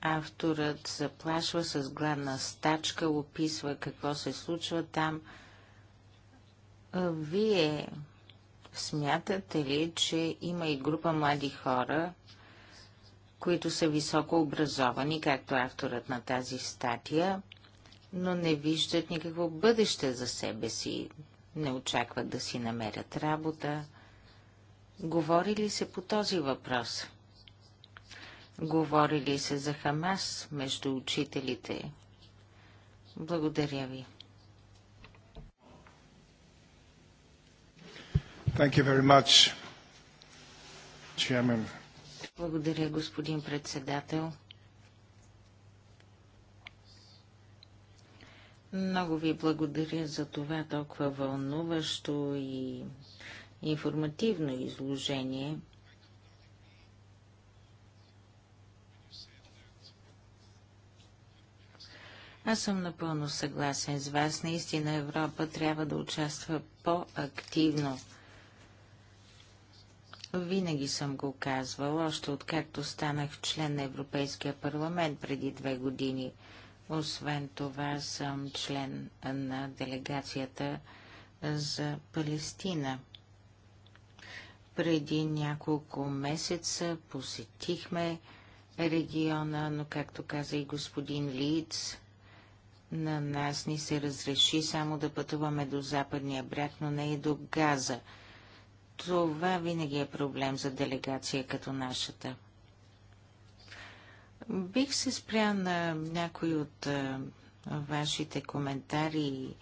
Авторът заплашва с гладна стачка, описва какво се случва там. Вие смятате ли, че има и група млади хора, които са високо образовани, както авторът на тази статия, но не виждат никакво бъдеще за себе си? не очакват да си намерят работа. Говори ли се по този въпрос? Говори ли се за Хамас между учителите? Благодаря ви. Thank you very much, Благодаря, господин председател. Много ви благодаря за това толкова вълнуващо и информативно изложение. Аз съм напълно съгласен с вас. Наистина Европа трябва да участва по-активно. Винаги съм го казвал, още откакто станах член на Европейския парламент преди две години – освен това съм член на делегацията за Палестина. Преди няколко месеца посетихме региона, но както каза и господин Лиц, на нас ни се разреши само да пътуваме до западния бряг, но не и до Газа. Това винаги е проблем за делегация като нашата. Бих се спря на някои от вашите коментари и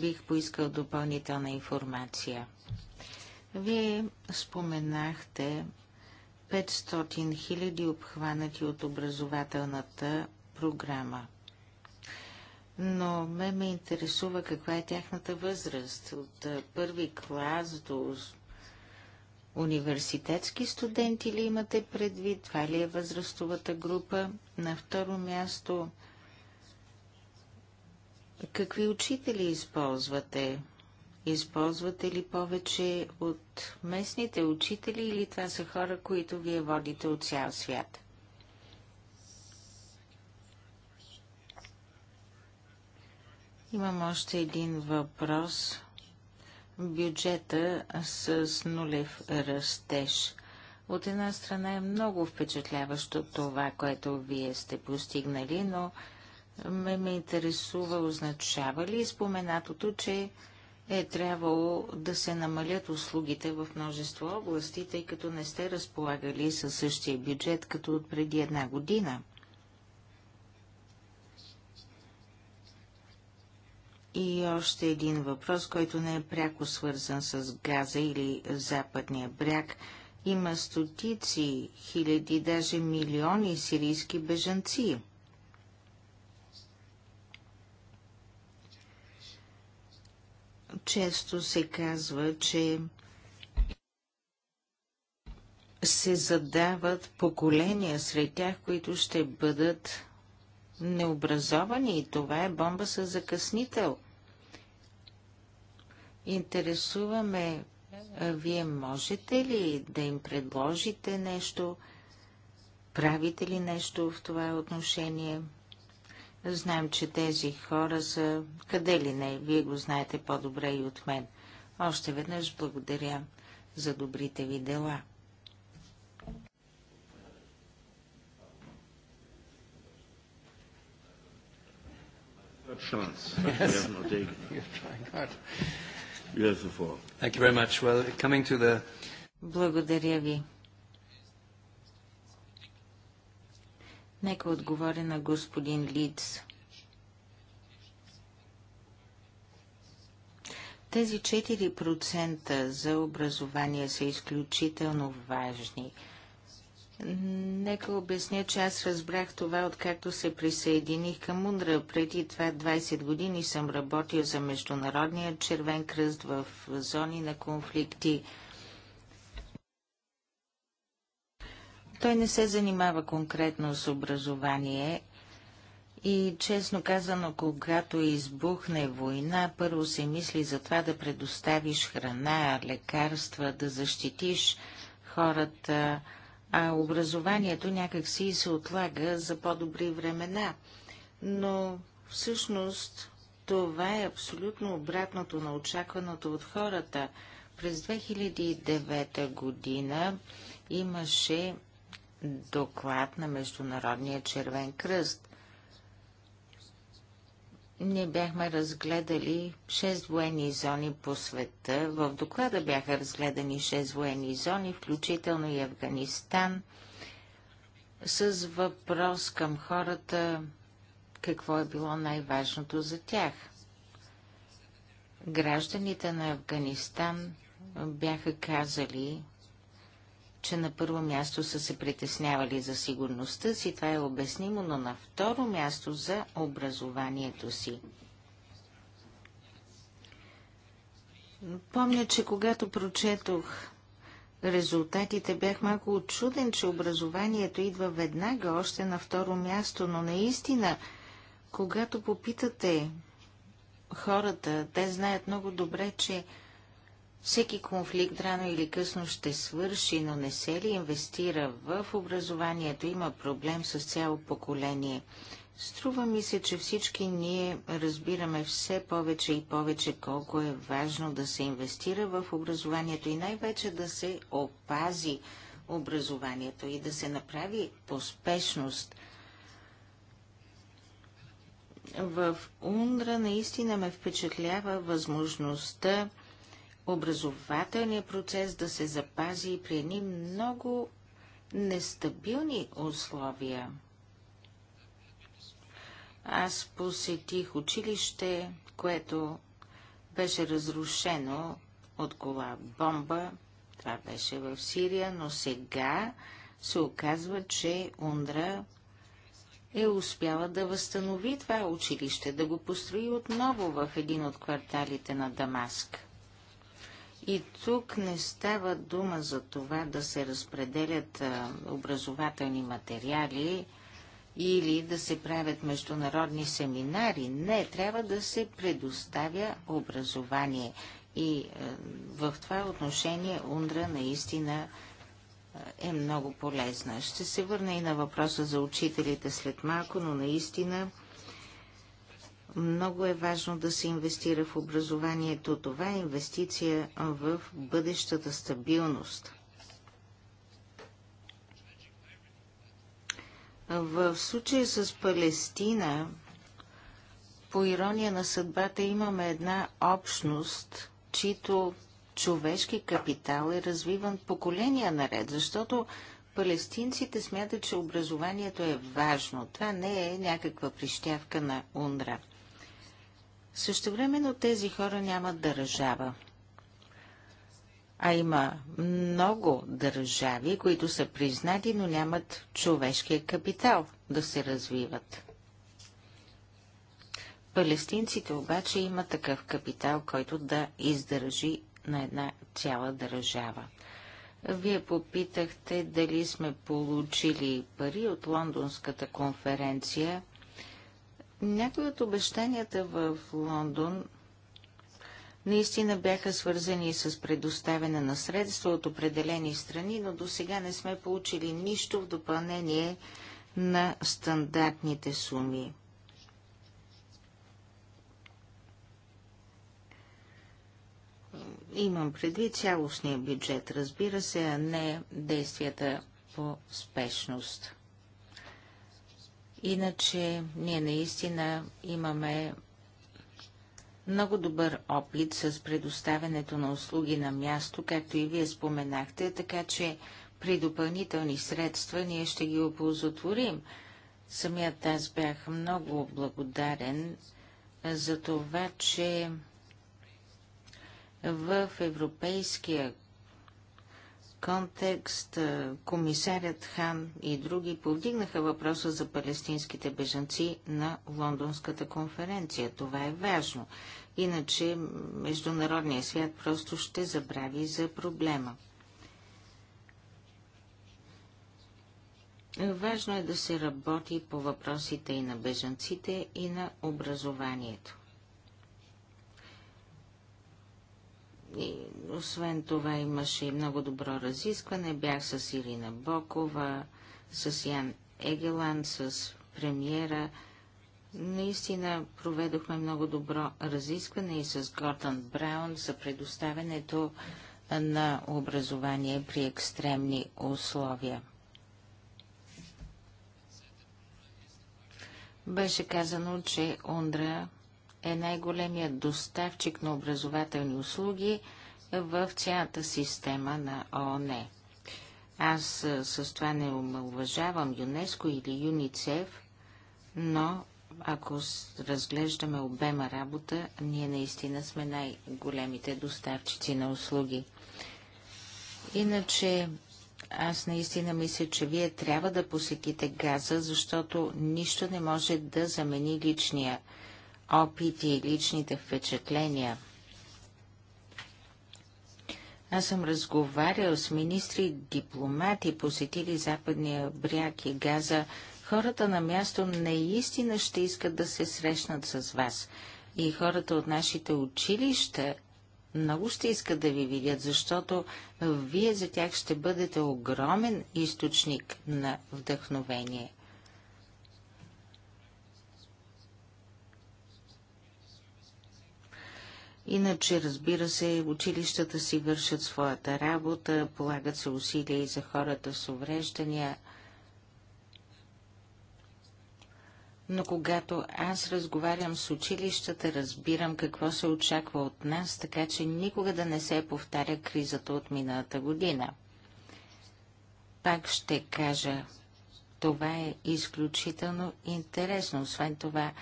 бих поискал допълнителна информация. Вие споменахте 500 хиляди обхванати от образователната програма. Но ме ме интересува каква е тяхната възраст. От първи клас до университетски студенти ли имате предвид? Това ли е възрастовата група? На второ място, какви учители използвате? Използвате ли повече от местните учители или това са хора, които вие водите от цял свят? Имам още един въпрос бюджета с нулев растеж. От една страна е много впечатляващо това, което вие сте постигнали, но ме, ме интересува, означава ли споменатото, че е трябвало да се намалят услугите в множество области, тъй като не сте разполагали със същия бюджет като от преди една година. И още един въпрос, който не е пряко свързан с Газа или Западния бряг. Има стотици, хиляди, даже милиони сирийски бежанци. Често се казва, че се задават поколения сред тях, които ще бъдат необразовани и това е бомба с закъснител интересуваме, вие можете ли да им предложите нещо? Правите ли нещо в това отношение? Знаем, че тези хора са къде ли не, вие го знаете по-добре и от мен. Още веднъж благодаря за добрите ви дела. Шанс. Yes. Thank you very much. Well, coming to the... Благодаря ви. Нека отговоря на господин Лидс. Тези 4% за образование са изключително важни – Нека обясня, че аз разбрах това, откакто се присъединих към Мундра. Преди това 20 години съм работил за Международния червен кръст в зони на конфликти. Той не се занимава конкретно с образование и, честно казано, когато избухне война, първо се мисли за това да предоставиш храна, лекарства, да защитиш хората, а образованието някак си се отлага за по-добри времена. Но всъщност това е абсолютно обратното на очакваното от хората. През 2009 година имаше доклад на Международния червен кръст ние бяхме разгледали 6 военни зони по света. В доклада бяха разгледани 6 военни зони, включително и Афганистан, с въпрос към хората какво е било най-важното за тях. Гражданите на Афганистан бяха казали, че на първо място са се притеснявали за сигурността си, това е обяснимо, но на второ място за образованието си. Помня, че когато прочетох резултатите, бях малко отчуден, че образованието идва веднага, още на второ място, но наистина, когато попитате хората, те знаят много добре, че всеки конфликт рано или късно ще свърши, но не се ли инвестира в образованието, има проблем с цяло поколение. Струва ми се, че всички ние разбираме все повече и повече колко е важно да се инвестира в образованието и най-вече да се опази образованието и да се направи поспешност. В Ундра наистина ме впечатлява възможността образователния процес да се запази и при едни много нестабилни условия. Аз посетих училище, което беше разрушено от кола бомба. Това беше в Сирия, но сега се оказва, че Ундра е успяла да възстанови това училище, да го построи отново в един от кварталите на Дамаск. И тук не става дума за това да се разпределят образователни материали или да се правят международни семинари. Не, трябва да се предоставя образование. И в това отношение Ундра наистина е много полезна. Ще се върна и на въпроса за учителите след малко, но наистина много е важно да се инвестира в образованието. Това е инвестиция в бъдещата стабилност. В случая с Палестина, по ирония на съдбата, имаме една общност, чието човешки капитал е развиван поколения наред, защото палестинците смятат, че образованието е важно. Това не е някаква прищявка на ундра. Също Същевременно тези хора нямат държава. А има много държави, които са признати, но нямат човешкия капитал да се развиват. Палестинците обаче има такъв капитал, който да издържи на една цяла държава. Вие попитахте дали сме получили пари от Лондонската конференция – някои от обещанията в Лондон наистина бяха свързани с предоставяне на средства от определени страни, но до сега не сме получили нищо в допълнение на стандартните суми. Имам предвид цялостния бюджет, разбира се, а не действията по спешност. Иначе ние наистина имаме много добър опит с предоставянето на услуги на място, както и вие споменахте, така че при допълнителни средства ние ще ги оползотворим. Самият аз бях много благодарен за това, че в Европейския контекст комисарят Хан и други повдигнаха въпроса за палестинските бежанци на Лондонската конференция. Това е важно. Иначе международният свят просто ще забрави за проблема. Важно е да се работи по въпросите и на бежанците, и на образованието. И, освен това имаше и много добро разискване. Бях с Ирина Бокова, с Ян Егелан, с премиера. Наистина проведохме много добро разискване и с Гордън Браун за предоставянето на образование при екстремни условия. Беше казано, че Ундра е най-големият доставчик на образователни услуги в цялата система на ООН. Аз с това не уважавам ЮНЕСКО или ЮНИЦЕФ, но ако разглеждаме обема работа, ние наистина сме най-големите доставчици на услуги. Иначе, аз наистина мисля, че вие трябва да посетите Газа, защото нищо не може да замени личния опити и личните впечатления. Аз съм разговарял с министри, дипломати, посетили Западния бряг и Газа. Хората на място наистина ще искат да се срещнат с вас. И хората от нашите училища много ще искат да ви видят, защото вие за тях ще бъдете огромен източник на вдъхновение. Иначе, разбира се, училищата си вършат своята работа, полагат се усилия и за хората с увреждания. Но когато аз разговарям с училищата, разбирам какво се очаква от нас, така че никога да не се повтаря кризата от миналата година. Пак ще кажа, това е изключително интересно. Освен това,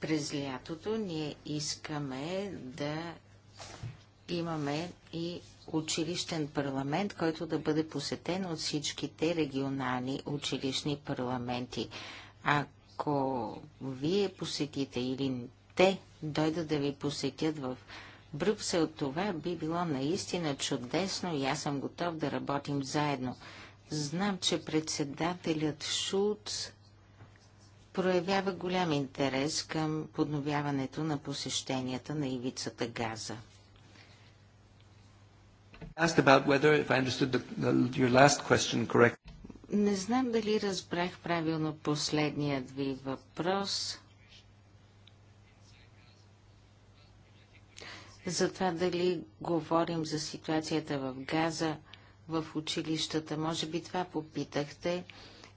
през лятото ние искаме да имаме и училищен парламент, който да бъде посетен от всичките регионални училищни парламенти. Ако вие посетите или те дойдат да ви посетят в Брюксел, това би било наистина чудесно и аз съм готов да работим заедно. Знам, че председателят Шулц проявява голям интерес към подновяването на посещенията на ивицата Газа. Whether, the, the, Не знам дали разбрах правилно последният ви въпрос. За това дали говорим за ситуацията в Газа, в училищата. Може би това попитахте.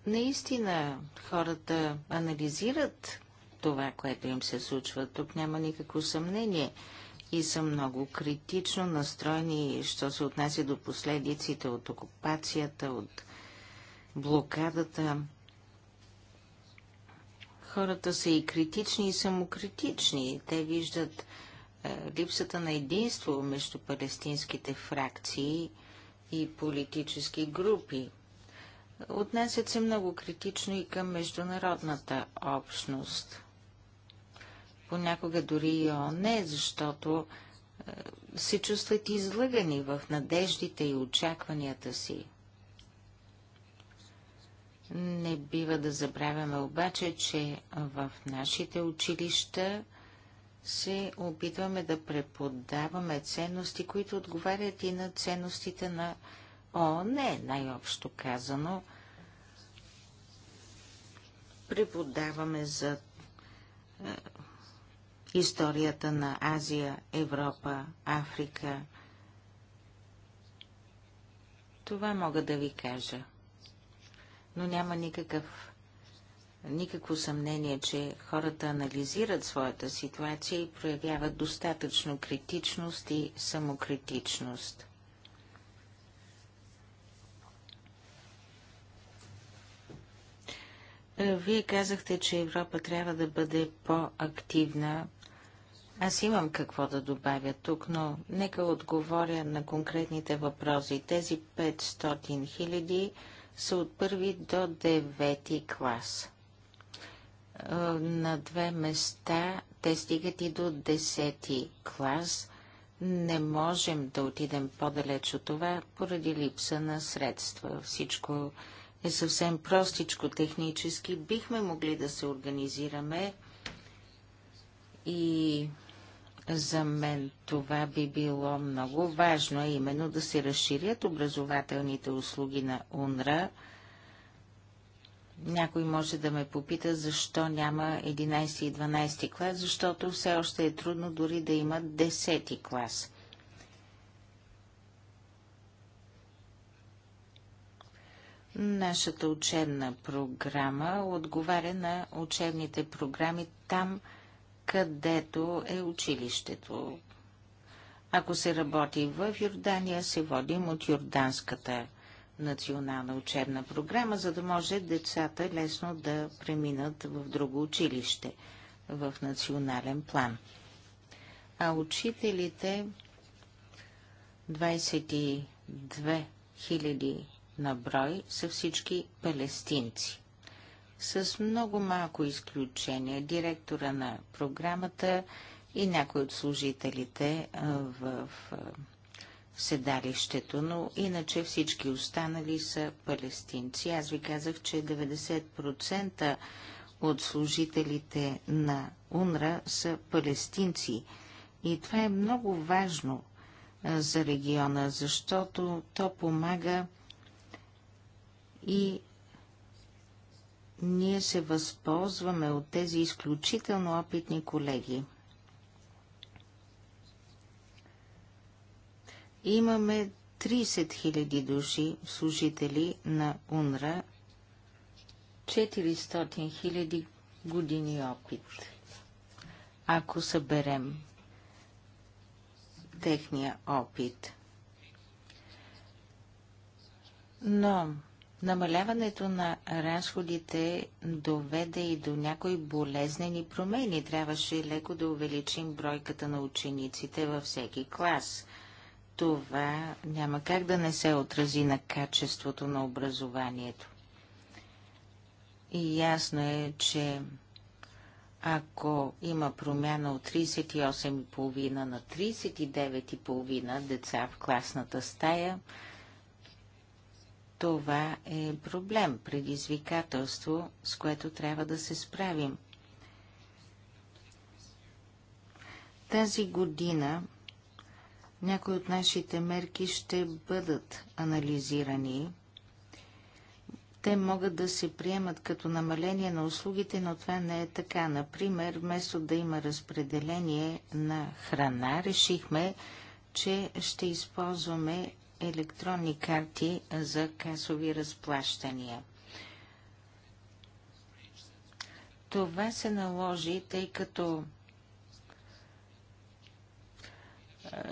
Наистина хората анализират това, което им се случва. Тук няма никакво съмнение и са много критично настроени, що се отнася до последиците от окупацията, от блокадата. Хората са и критични, и самокритични. Те виждат е, липсата на единство между палестинските фракции и политически групи. Отнасят се много критично и към международната общност. Понякога дори и ООН, защото е, се чувстват излъгани в надеждите и очакванията си. Не бива да забравяме обаче, че в нашите училища се опитваме да преподаваме ценности, които отговарят и на ценностите на О, не, най-общо казано. Преподаваме за е, историята на Азия, Европа, Африка. Това мога да ви кажа. Но няма никакъв, никакво съмнение, че хората анализират своята ситуация и проявяват достатъчно критичност и самокритичност. Вие казахте, че Европа трябва да бъде по-активна. Аз имам какво да добавя тук, но нека отговоря на конкретните въпроси. Тези 500 хиляди са от първи до девети клас. Е, на две места те стигат и до десети клас. Не можем да отидем по-далеч от това, поради липса на средства. Всичко е съвсем простичко технически. Бихме могли да се организираме и за мен това би било много важно, именно да се разширят образователните услуги на УНРА. Някой може да ме попита, защо няма 11 и 12 клас, защото все още е трудно дори да има 10 клас. Нашата учебна програма отговаря на учебните програми там, където е училището. Ако се работи в Йордания, се водим от Йорданската национална учебна програма, за да може децата лесно да преминат в друго училище в национален план. А учителите 22 000 на брой са всички палестинци. С много малко изключение директора на програмата и някои от служителите в седалището, но иначе всички останали са палестинци. Аз ви казах, че 90% от служителите на УНРА са палестинци. И това е много важно за региона, защото то помага и ние се възползваме от тези изключително опитни колеги. Имаме 30 000 души служители на УНРА, 400 000 години опит. Ако съберем техния опит. Но Намаляването на разходите доведе и до някои болезнени промени. Трябваше леко да увеличим бройката на учениците във всеки клас. Това няма как да не се отрази на качеството на образованието. И ясно е, че ако има промяна от 38,5 на 39,5 деца в класната стая, това е проблем, предизвикателство, с което трябва да се справим. Тази година някои от нашите мерки ще бъдат анализирани. Те могат да се приемат като намаление на услугите, но това не е така. Например, вместо да има разпределение на храна, решихме, че ще използваме електронни карти за касови разплащания. Това се наложи, тъй като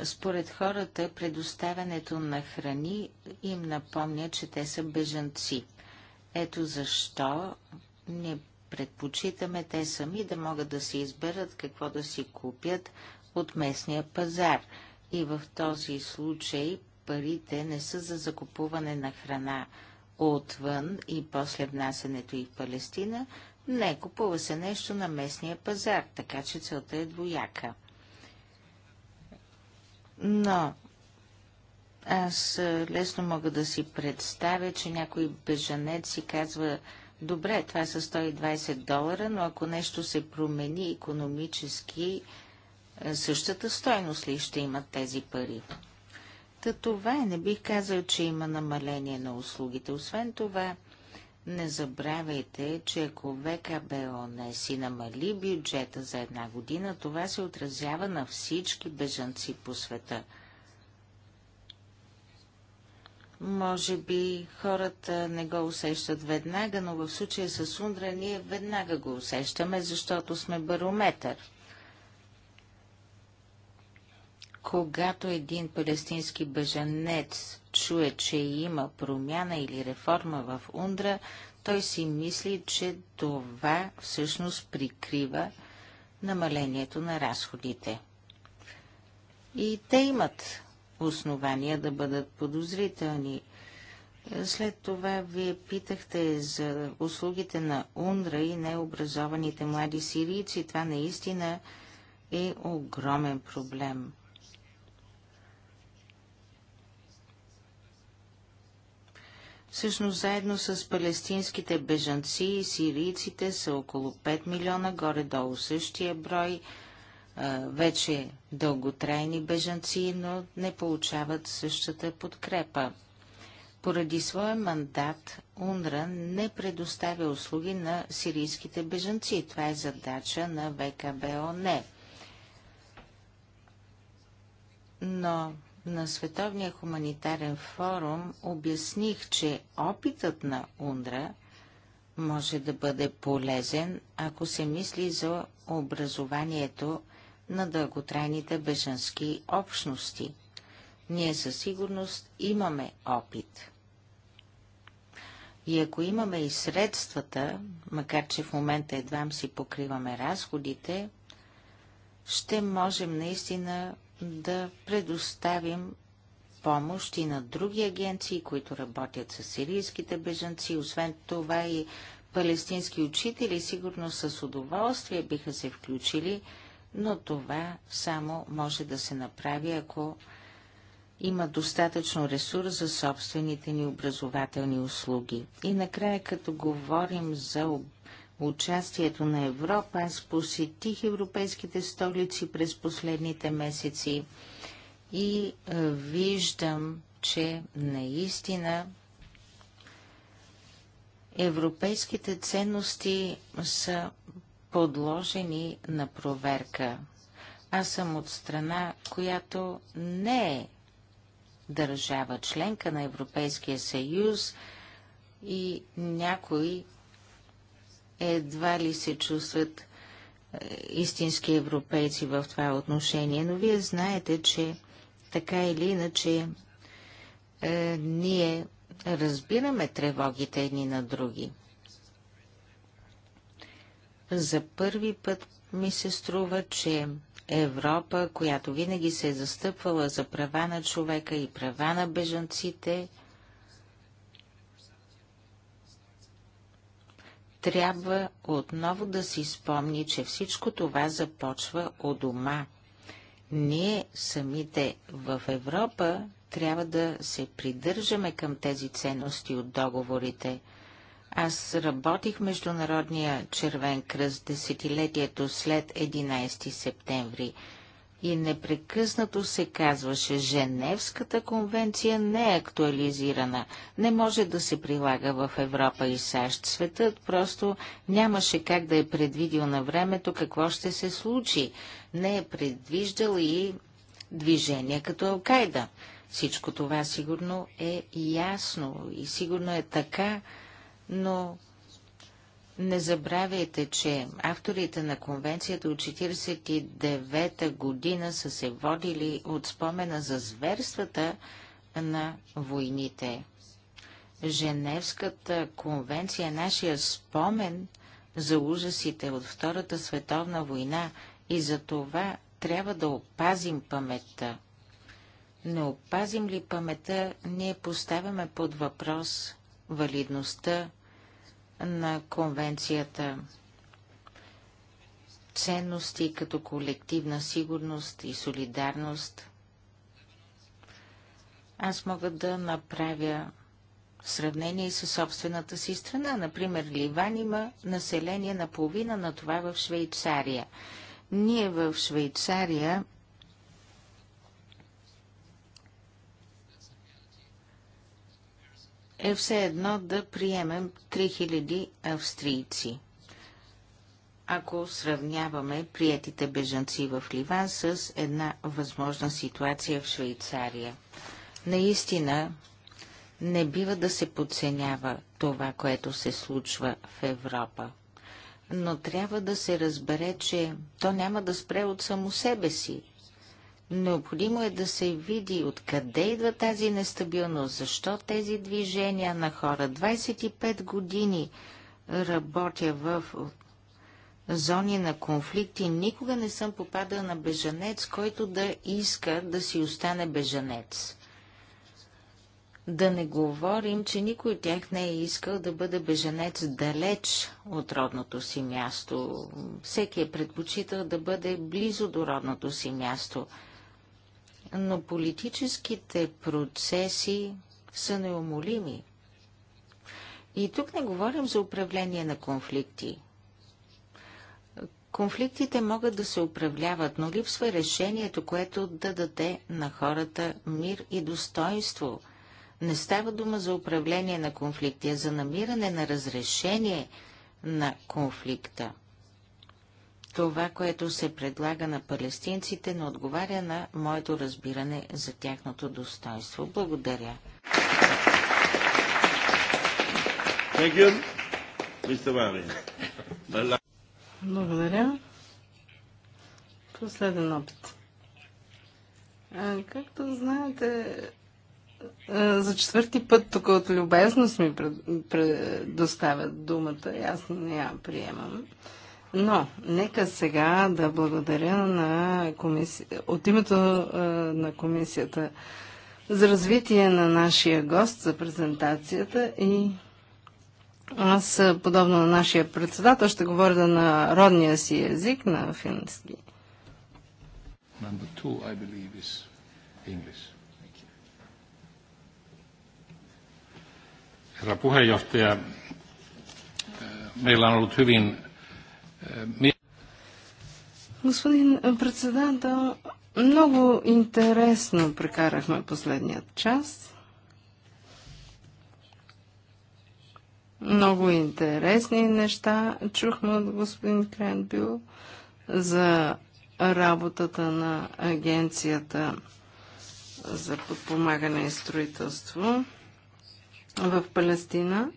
според хората предоставянето на храни им напомня, че те са бежанци. Ето защо не предпочитаме те сами да могат да се изберат какво да си купят от местния пазар. И в този случай парите не са за закупуване на храна отвън и после внасенето и в Палестина, не, купува се нещо на местния пазар, така че целта е двояка. Но аз лесно мога да си представя, че някой бежанец си казва, добре, това са 120 долара, но ако нещо се промени економически, същата стойност ли ще имат тези пари? Та това е, не бих казал, че има намаление на услугите. Освен това, не забравяйте, че ако ВКБО не си намали бюджета за една година, това се отразява на всички бежанци по света. Може би хората не го усещат веднага, но в случая с Ундра ние веднага го усещаме, защото сме барометър. Когато един палестински бежанец чуе, че има промяна или реформа в Ундра, той си мисли, че това всъщност прикрива намалението на разходите. И те имат основания да бъдат подозрителни. След това вие питахте за услугите на Ундра и необразованите млади сирийци. Това наистина е огромен проблем. Всъщност заедно с палестинските бежанци и сирийците са около 5 милиона, горе-долу същия брой, вече дълготрайни бежанци, но не получават същата подкрепа. Поради своя мандат УНРА не предоставя услуги на сирийските бежанци. Това е задача на ВКБОН. Но на Световния хуманитарен форум обясних, че опитът на УНДРА може да бъде полезен, ако се мисли за образованието на дълготрайните бежански общности. Ние със сигурност имаме опит. И ако имаме и средствата, макар че в момента едвам си покриваме разходите, ще можем наистина да предоставим помощ и на други агенции, които работят с сирийските бежанци. Освен това и палестински учители сигурно с удоволствие биха се включили, но това само може да се направи, ако има достатъчно ресурс за собствените ни образователни услуги. И накрая, като говорим за участието на Европа. Аз посетих европейските столици през последните месеци и е, виждам, че наистина европейските ценности са подложени на проверка. Аз съм от страна, която не е държава членка на Европейския съюз и някои едва ли се чувстват е, истински европейци в това отношение. Но вие знаете, че така или иначе е, ние разбираме тревогите едни на други. За първи път ми се струва, че Европа, която винаги се е застъпвала за права на човека и права на бежанците, трябва отново да си спомни, че всичко това започва от дома. Ние самите в Европа трябва да се придържаме към тези ценности от договорите. Аз работих Международния червен кръст десетилетието след 11 септември – и непрекъснато се казваше, Женевската конвенция не е актуализирана, не може да се прилага в Европа и САЩ. Светът просто нямаше как да е предвидил на времето какво ще се случи. Не е предвиждал и движение като Алкайда. Всичко това сигурно е ясно и сигурно е така, но не забравяйте, че авторите на конвенцията от 1949 година са се водили от спомена за зверствата на войните. Женевската конвенция е нашия спомен за ужасите от Втората световна война и за това трябва да опазим паметта. Не опазим ли паметта, ние поставяме под въпрос валидността на конвенцията. Ценности като колективна сигурност и солидарност. Аз мога да направя сравнение с собствената си страна. Например, Ливан има население на половина на това в Швейцария. Ние в Швейцария е все едно да приемем 3000 австрийци. Ако сравняваме приетите бежанци в Ливан с една възможна ситуация в Швейцария. Наистина не бива да се подценява това, което се случва в Европа. Но трябва да се разбере, че то няма да спре от само себе си. Необходимо е да се види откъде идва тази нестабилност, защо тези движения на хора. 25 години работя в зони на конфликти. Никога не съм попадал на бежанец, който да иска да си остане бежанец. Да не говорим, че никой от тях не е искал да бъде беженец далеч от родното си място. Всеки е предпочитал да бъде близо до родното си място но политическите процеси са неумолими. И тук не говорим за управление на конфликти. Конфликтите могат да се управляват, но липсва решението, което да даде на хората мир и достоинство. Не става дума за управление на конфликти, а за намиране на разрешение на конфликта това, което се предлага на палестинците, не отговаря на моето разбиране за тяхното достоинство. Благодаря. Благодаря. Последен опит. Както знаете, за четвърти път тук от любезност ми предоставят думата. Аз не я приемам. Но, нека сега да благодаря на комиси... от името а, на комисията за развитие на нашия гост, за презентацията и аз, подобно на нашия председател, ще говоря на родния си език, на фински. Herra puheenjohtaja, meillä on ollut hyvin Господин председател, много интересно прекарахме последният час. Много интересни неща чухме от господин Кренбил за работата на агенцията за подпомагане и строителство в Палестина.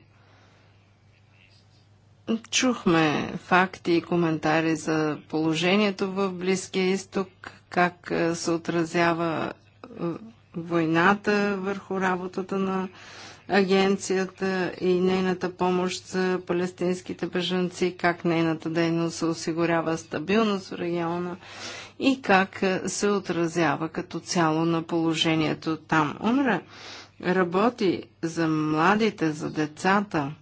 Чухме факти и коментари за положението в Близкия изток, как е, се отразява е, войната върху работата на агенцията и нейната помощ за палестинските бежанци, как нейната дейност се осигурява стабилност в региона и как е, се отразява като цяло на положението там. ОНРА работи за младите, за децата,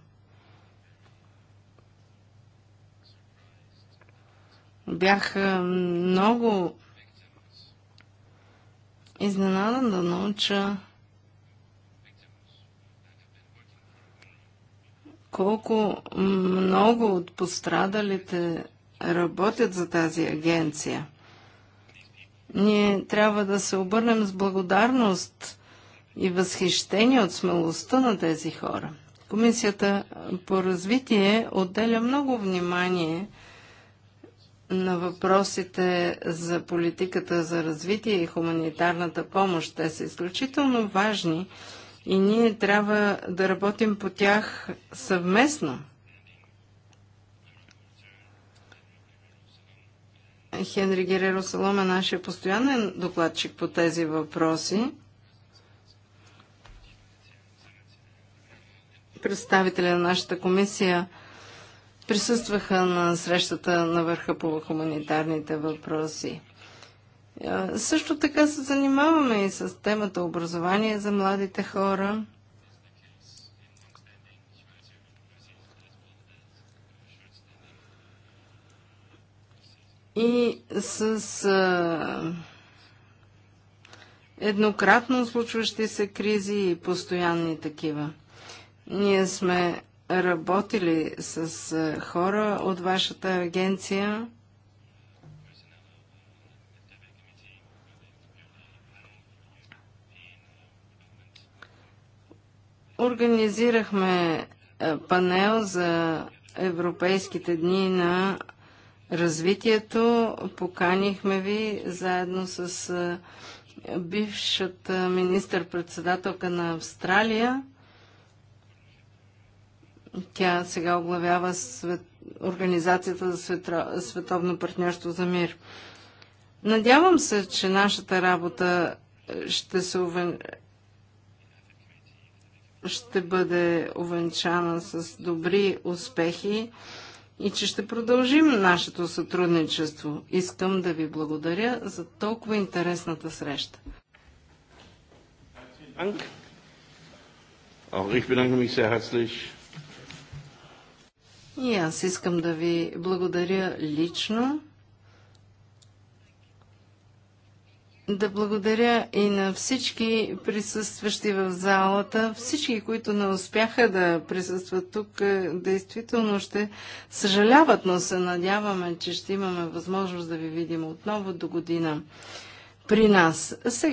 Бях много изненадан да науча колко много от пострадалите работят за тази агенция. Ние трябва да се обърнем с благодарност и възхищение от смелостта на тези хора. Комисията по развитие отделя много внимание – на въпросите за политиката за развитие и хуманитарната помощ. Те са изключително важни и ние трябва да работим по тях съвместно. Хенри Гереро Салом е нашия постоянен докладчик по тези въпроси. Представителя на нашата комисия – присъстваха на срещата на върха по хуманитарните въпроси. Също така се занимаваме и с темата образование за младите хора. И с а, еднократно случващи се кризи и постоянни такива. Ние сме работили с е, хора от вашата агенция? Организирахме е, панел за Европейските дни на развитието. Поканихме ви заедно с е, бившата министър-председателка на Австралия – тя сега оглавява свет... Организацията за светро... световно партньорство за мир. Надявам се, че нашата работа е, ще се увен... ще бъде увенчана с добри успехи и че ще продължим нашето сътрудничество. Искам да ви благодаря за толкова интересната среща. Auch ich bedanke mich sehr herzlich и аз искам да ви благодаря лично. Да благодаря и на всички присъстващи в залата, всички, които не успяха да присъстват тук, е, действително ще съжаляват, но се надяваме, че ще имаме възможност да ви видим отново до година при нас.